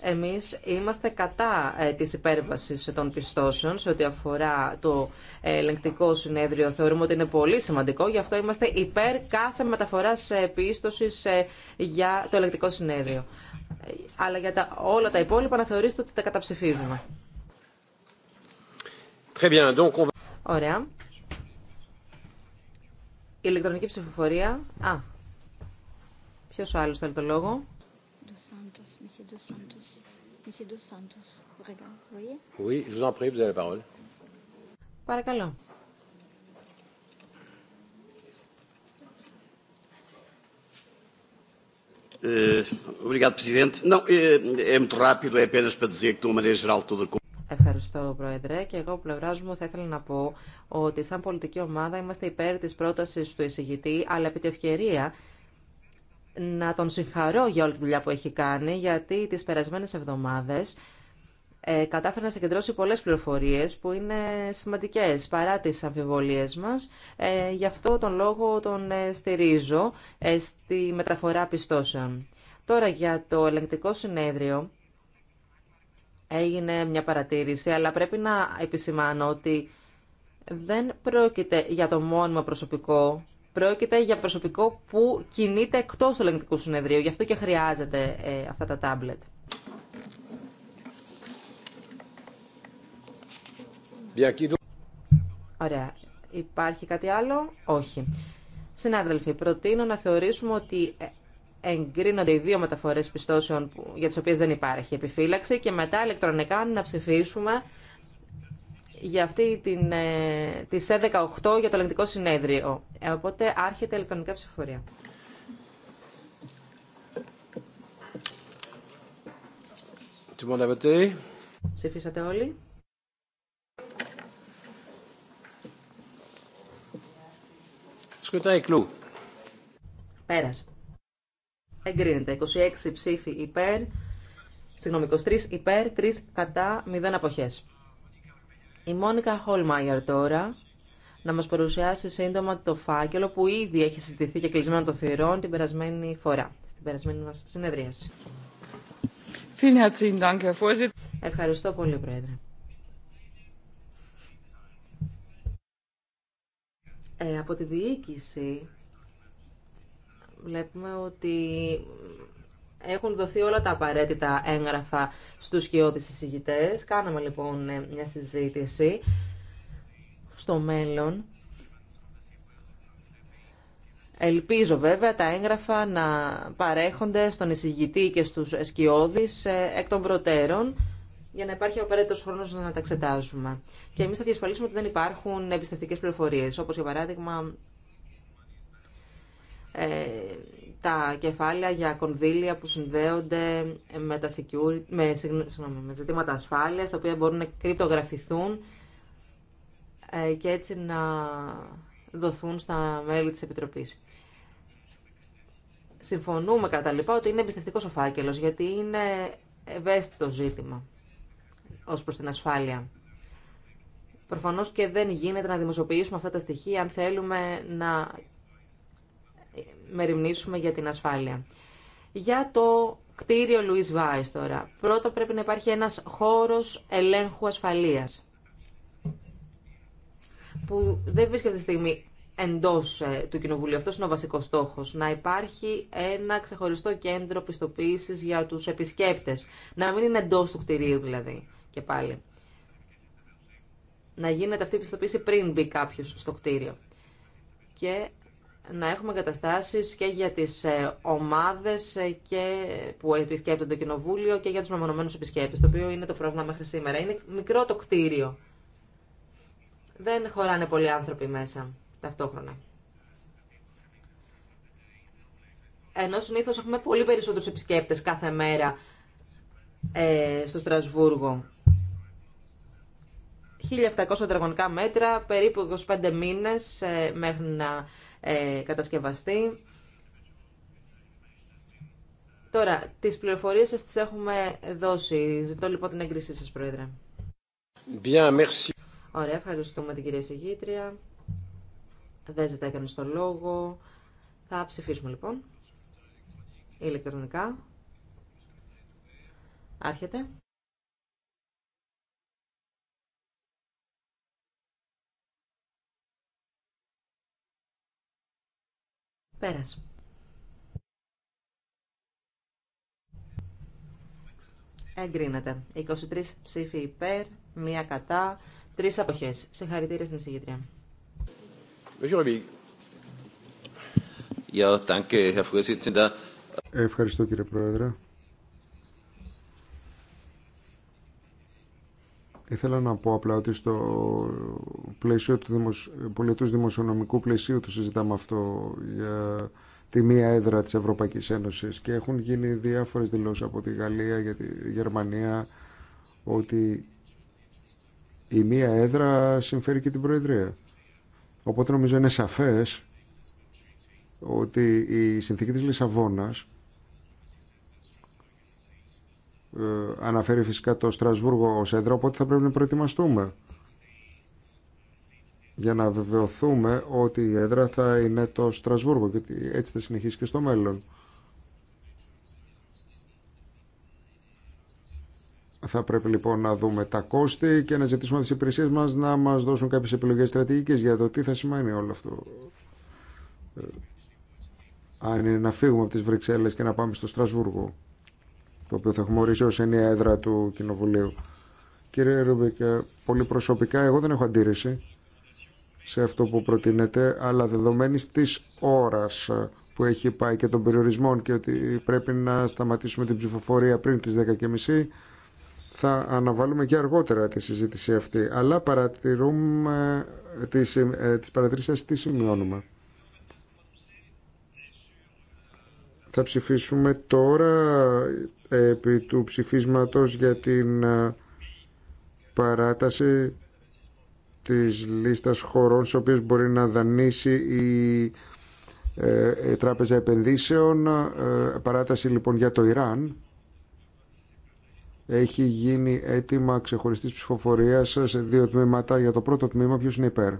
Εμείς είμαστε κατά ε, της υπέρβασης των πιστώσεων σε ό,τι αφορά το ελεγκτικό συνέδριο. Θεωρούμε ότι είναι πολύ σημαντικό, γι' αυτό είμαστε υπέρ κάθε μεταφοράς επίστοσης ε, για το ελεγκτικό συνέδριο. Αλλά για τα, όλα τα υπόλοιπα να θεωρήσετε ότι τα καταψηφίζουμε. Ωραία. Η ηλεκτρονική ψηφοφορία. Α, ποιος άλλος θέλει το λόγο. Oui, vous en prie, vous avez la parole. Ευχαριστώ, Πρόεδρε. Και εγώ, πλευρά μου, θα ήθελα να πω ότι, σαν πολιτική ομάδα, είμαστε υπέρ τη πρόταση του εισηγητή, αλλά επί τη ευκαιρία να τον συγχαρώ για όλη τη δουλειά που έχει κάνει, γιατί τις περασμένες εβδομάδες ε, κατάφερε να συγκεντρώσει πολλές πληροφορίες που είναι σημαντικές παρά τις αμφιβολίες μας. Ε, γι' αυτό τον λόγο τον ε, στηρίζω ε, στη μεταφορά πιστώσεων. Τώρα για το ελεγκτικό συνέδριο έγινε μια παρατήρηση, αλλά πρέπει να επισημάνω ότι δεν πρόκειται για το μόνιμο προσωπικό Πρόκειται για προσωπικό που κινείται εκτός του ελεγκτικού συνεδρίου. Γι' αυτό και χρειάζεται ε, αυτά τα τάμπλετ. Ωραία. Υπάρχει κάτι άλλο? Όχι. Συνάδελφοι, προτείνω να θεωρήσουμε ότι ε, εγκρίνονται οι δύο μεταφορές πιστώσεων για τις οποίες δεν υπάρχει επιφύλαξη και μετά ηλεκτρονικά να ψηφίσουμε για αυτή την, ε, τη ΣΕ 18 για το ελεγκτικό συνέδριο. Ε, οπότε άρχεται ηλεκτρονική ψηφοφορία. Ψηφίσατε όλοι. Σκοτάει κλού. Πέρασε. Εγκρίνεται. 26 ψήφοι υπέρ, συγγνώμη, 23 υπέρ, 3 κατά, 0 αποχές. Η Μόνικα Χολμάγερ τώρα να μας παρουσιάσει σύντομα το φάκελο που ήδη έχει συζητηθεί και κλεισμένο το θηρόν την περασμένη φορά, στην περασμένη μας συνεδρίαση. Ευχαριστώ πολύ, Πρόεδρε. Ε, από τη διοίκηση βλέπουμε ότι έχουν δοθεί όλα τα απαραίτητα έγγραφα στους σκιώδεις εισηγητές. Κάναμε λοιπόν ε, μια συζήτηση στο μέλλον. Ελπίζω βέβαια τα έγγραφα να παρέχονται στον εισηγητή και στους σκιώδεις ε, εκ των προτέρων για να υπάρχει ο απαραίτητο χρόνο να τα εξετάζουμε. Και εμεί θα διασφαλίσουμε ότι δεν υπάρχουν εμπιστευτικέ πληροφορίε, όπω για παράδειγμα ε, τα κεφάλαια για κονδύλια που συνδέονται με, τα security, με, συγγνώμη, ζητήματα ασφάλειας, τα οποία μπορούν να κρυπτογραφηθούν ε, και έτσι να δοθούν στα μέλη της Επιτροπής. Συμφωνούμε κατά λοιπά ότι είναι εμπιστευτικός ο φάκελος, γιατί είναι ευαίσθητο ζήτημα ως προς την ασφάλεια. Προφανώς και δεν γίνεται να δημοσιοποιήσουμε αυτά τα στοιχεία αν θέλουμε να μεριμνήσουμε για την ασφάλεια. Για το κτίριο Λουίς Βάης τώρα. Πρώτα πρέπει να υπάρχει ένας χώρος ελέγχου ασφαλείας που δεν βρίσκεται τη στιγμή εντός ε, του Κοινοβουλίου. Αυτός είναι ο βασικός στόχος. Να υπάρχει ένα ξεχωριστό κέντρο πιστοποίησης για τους επισκέπτες. Να μην είναι εντός του κτιρίου, δηλαδή και πάλι. Να γίνεται αυτή η πιστοποίηση πριν μπει κάποιο στο κτίριο. Και να έχουμε καταστάσεις και για τις ε, ομάδες ε, και που επισκέπτονται το κοινοβούλιο και για τους μεμονωμένους επισκέπτες, το οποίο είναι το πρόβλημα μέχρι σήμερα. Είναι μικρό το κτίριο. Δεν χωράνε πολλοί άνθρωποι μέσα ταυτόχρονα. Ενώ συνήθω έχουμε πολύ περισσότερους επισκέπτες κάθε μέρα ε, στο Στρασβούργο. 1.700 τετραγωνικά μέτρα, περίπου 25 μήνες ε, μέχρι να ε, κατασκευαστή. Τώρα, τις πληροφορίες σας τις έχουμε δώσει. Ζητώ λοιπόν την έγκρισή σας, Πρόεδρε. Bien, merci. Ωραία, ευχαριστούμε την κυρία Συγήτρια. Δεν ζητάει κανείς το λόγο. Θα ψηφίσουμε λοιπόν ηλεκτρονικά. Άρχεται. Πέρας. Εγκρίνεται. 23 ψήφοι υπέρ, μία κατά, τρεις αποχές. Σε στην εισηγητρία. Ευχαριστώ κύριε Πρόεδρε. Ήθελα να πω απλά ότι στο πλαίσιο του δημοσιο... πολιτούς δημοσιονομικού πλαισίου το συζητάμε αυτό για τη μία έδρα της Ευρωπαϊκής Ένωσης και έχουν γίνει διάφορες δηλώσεις από τη Γαλλία για τη Γερμανία ότι η μία έδρα συμφέρει και την Προεδρία. Οπότε νομίζω είναι σαφές ότι η συνθήκη της Λισαβόνας ε, αναφέρει φυσικά το Στρασβούργο ως έδρα, οπότε θα πρέπει να προετοιμαστούμε για να βεβαιωθούμε ότι η έδρα θα είναι το Στρασβούργο και έτσι θα συνεχίσει και στο μέλλον. Θα πρέπει λοιπόν να δούμε τα κόστη και να ζητήσουμε τις υπηρεσίες μας να μας δώσουν κάποιες επιλογές στρατηγικές για το τι θα σημαίνει όλο αυτό. Ε, αν είναι να φύγουμε από τις Βρυξέλλες και να πάμε στο Στρασβούργο το οποίο θα έχουμε ορίσει ως ενιαία έδρα του Κοινοβουλίου. Κύριε Ρούμπικ, ε, πολύ προσωπικά εγώ δεν έχω αντίρρηση σε αυτό που προτείνεται, αλλά δεδομένης της ώρας ε, που έχει πάει και των περιορισμών και ότι πρέπει να σταματήσουμε την ψηφοφορία πριν τις 10.30, θα αναβάλουμε και αργότερα τη συζήτηση αυτή. Αλλά παρατηρούμε ε, τις, τις παρατηρήσεις τι σημειώνουμε. Θα ψηφίσουμε τώρα επί του ψηφίσματος για την ε, παράταση της λίστας χωρών Σε οποίες μπορεί να δανείσει η ε, ε, Τράπεζα Επενδύσεων. Παράταση λοιπόν για το Ιράν. Έχει γίνει έτοιμα ξεχωριστής ψηφοφορίας σε δύο τμήματα. Για το πρώτο τμήμα ποιος είναι υπέρ.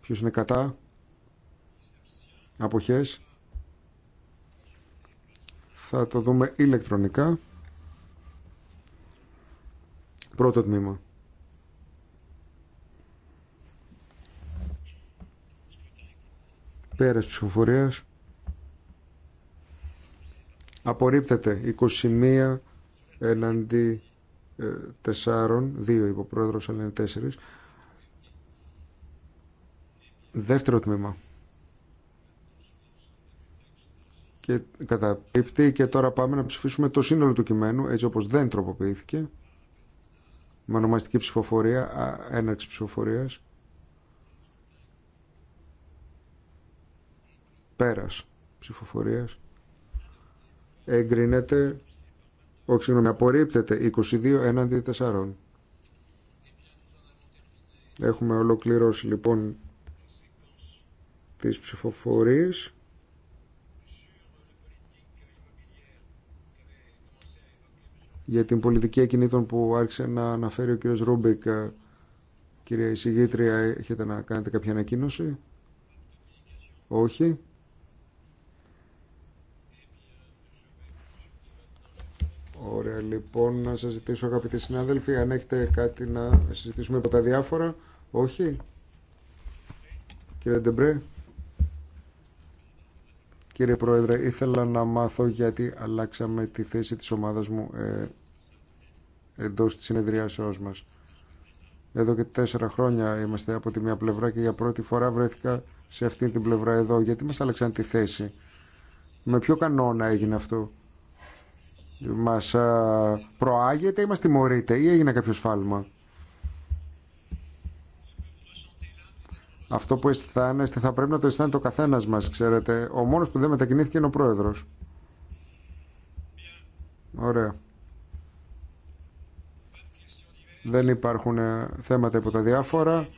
Ποιος είναι κατά. Αποχές. Θα το δούμε ηλεκτρονικά. Πρώτο τμήμα. Πέρας ψηφοφορίας. Απορρίπτεται 21 εναντί 4, ε, 2 υποπρόεδρος αλλά είναι 4. Δεύτερο τμήμα. και καταπίπτει και τώρα πάμε να ψηφίσουμε το σύνολο του κειμένου έτσι όπως δεν τροποποιήθηκε με ονομαστική ψηφοφορία, έναρξη ψηφοφορίας. Πέρας ψηφοφορίας. Εγκρίνεται, όχι συγγνώμη, απορρίπτεται 22 έναντι 4. Έχουμε ολοκληρώσει λοιπόν τις ψηφοφορίες. για την πολιτική ακινήτων που άρχισε να αναφέρει ο κύριος Ρούμπικ. Ε, κυρία εισηγήτρια, έχετε να κάνετε κάποια ανακοίνωση. Όχι. Ωραία, λοιπόν, να σας ζητήσω αγαπητοί συνάδελφοι, αν έχετε κάτι να συζητήσουμε από τα διάφορα. Όχι. Κύριε Ντεμπρέ. Κύριε Πρόεδρε, ήθελα να μάθω γιατί αλλάξαμε τη θέση της ομάδας μου ε, Εντό τη συνεδριάσεώ μα. Εδώ και τέσσερα χρόνια είμαστε από τη μια πλευρά και για πρώτη φορά βρέθηκα σε αυτή την πλευρά εδώ. Γιατί μας άλλαξαν τη θέση. Με ποιο κανόνα έγινε αυτό. Μα προάγεται ή μας τιμωρείται ή έγινε κάποιο σφάλμα. Αυτό που αισθάνεστε θα πρέπει να το αισθάνεται ο καθένα μα, ξέρετε. Ο μόνο που δεν μετακινήθηκε είναι ο πρόεδρο. Ωραία. Δεν υπάρχουν ε, θέματα υπό τα διάφορα.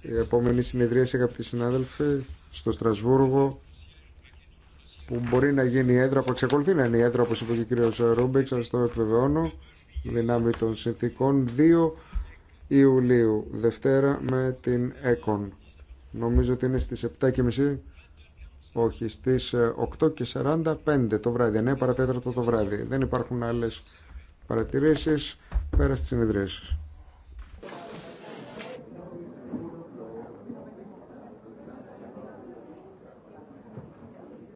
Η επόμενη συνεδρίαση, αγαπητοί συνάδελφοι, στο Στρασβούργο, που μπορεί να γίνει η έδρα, που εξακολουθεί να είναι η έδρα, όπω είπε και ο κ. Ρούμπεξ, σας το επιβεβαιώνω, δυνάμει των συνθήκων, 2 Ιουλίου, Δευτέρα, με την ΕΚΟΝ. Νομίζω ότι είναι στις 7.30, όχι, στις 8.45 ε, το βράδυ, 9 παρατέταρτο το βράδυ. Δεν υπάρχουν άλλες παρατηρήσεις. Πέρα τη σα.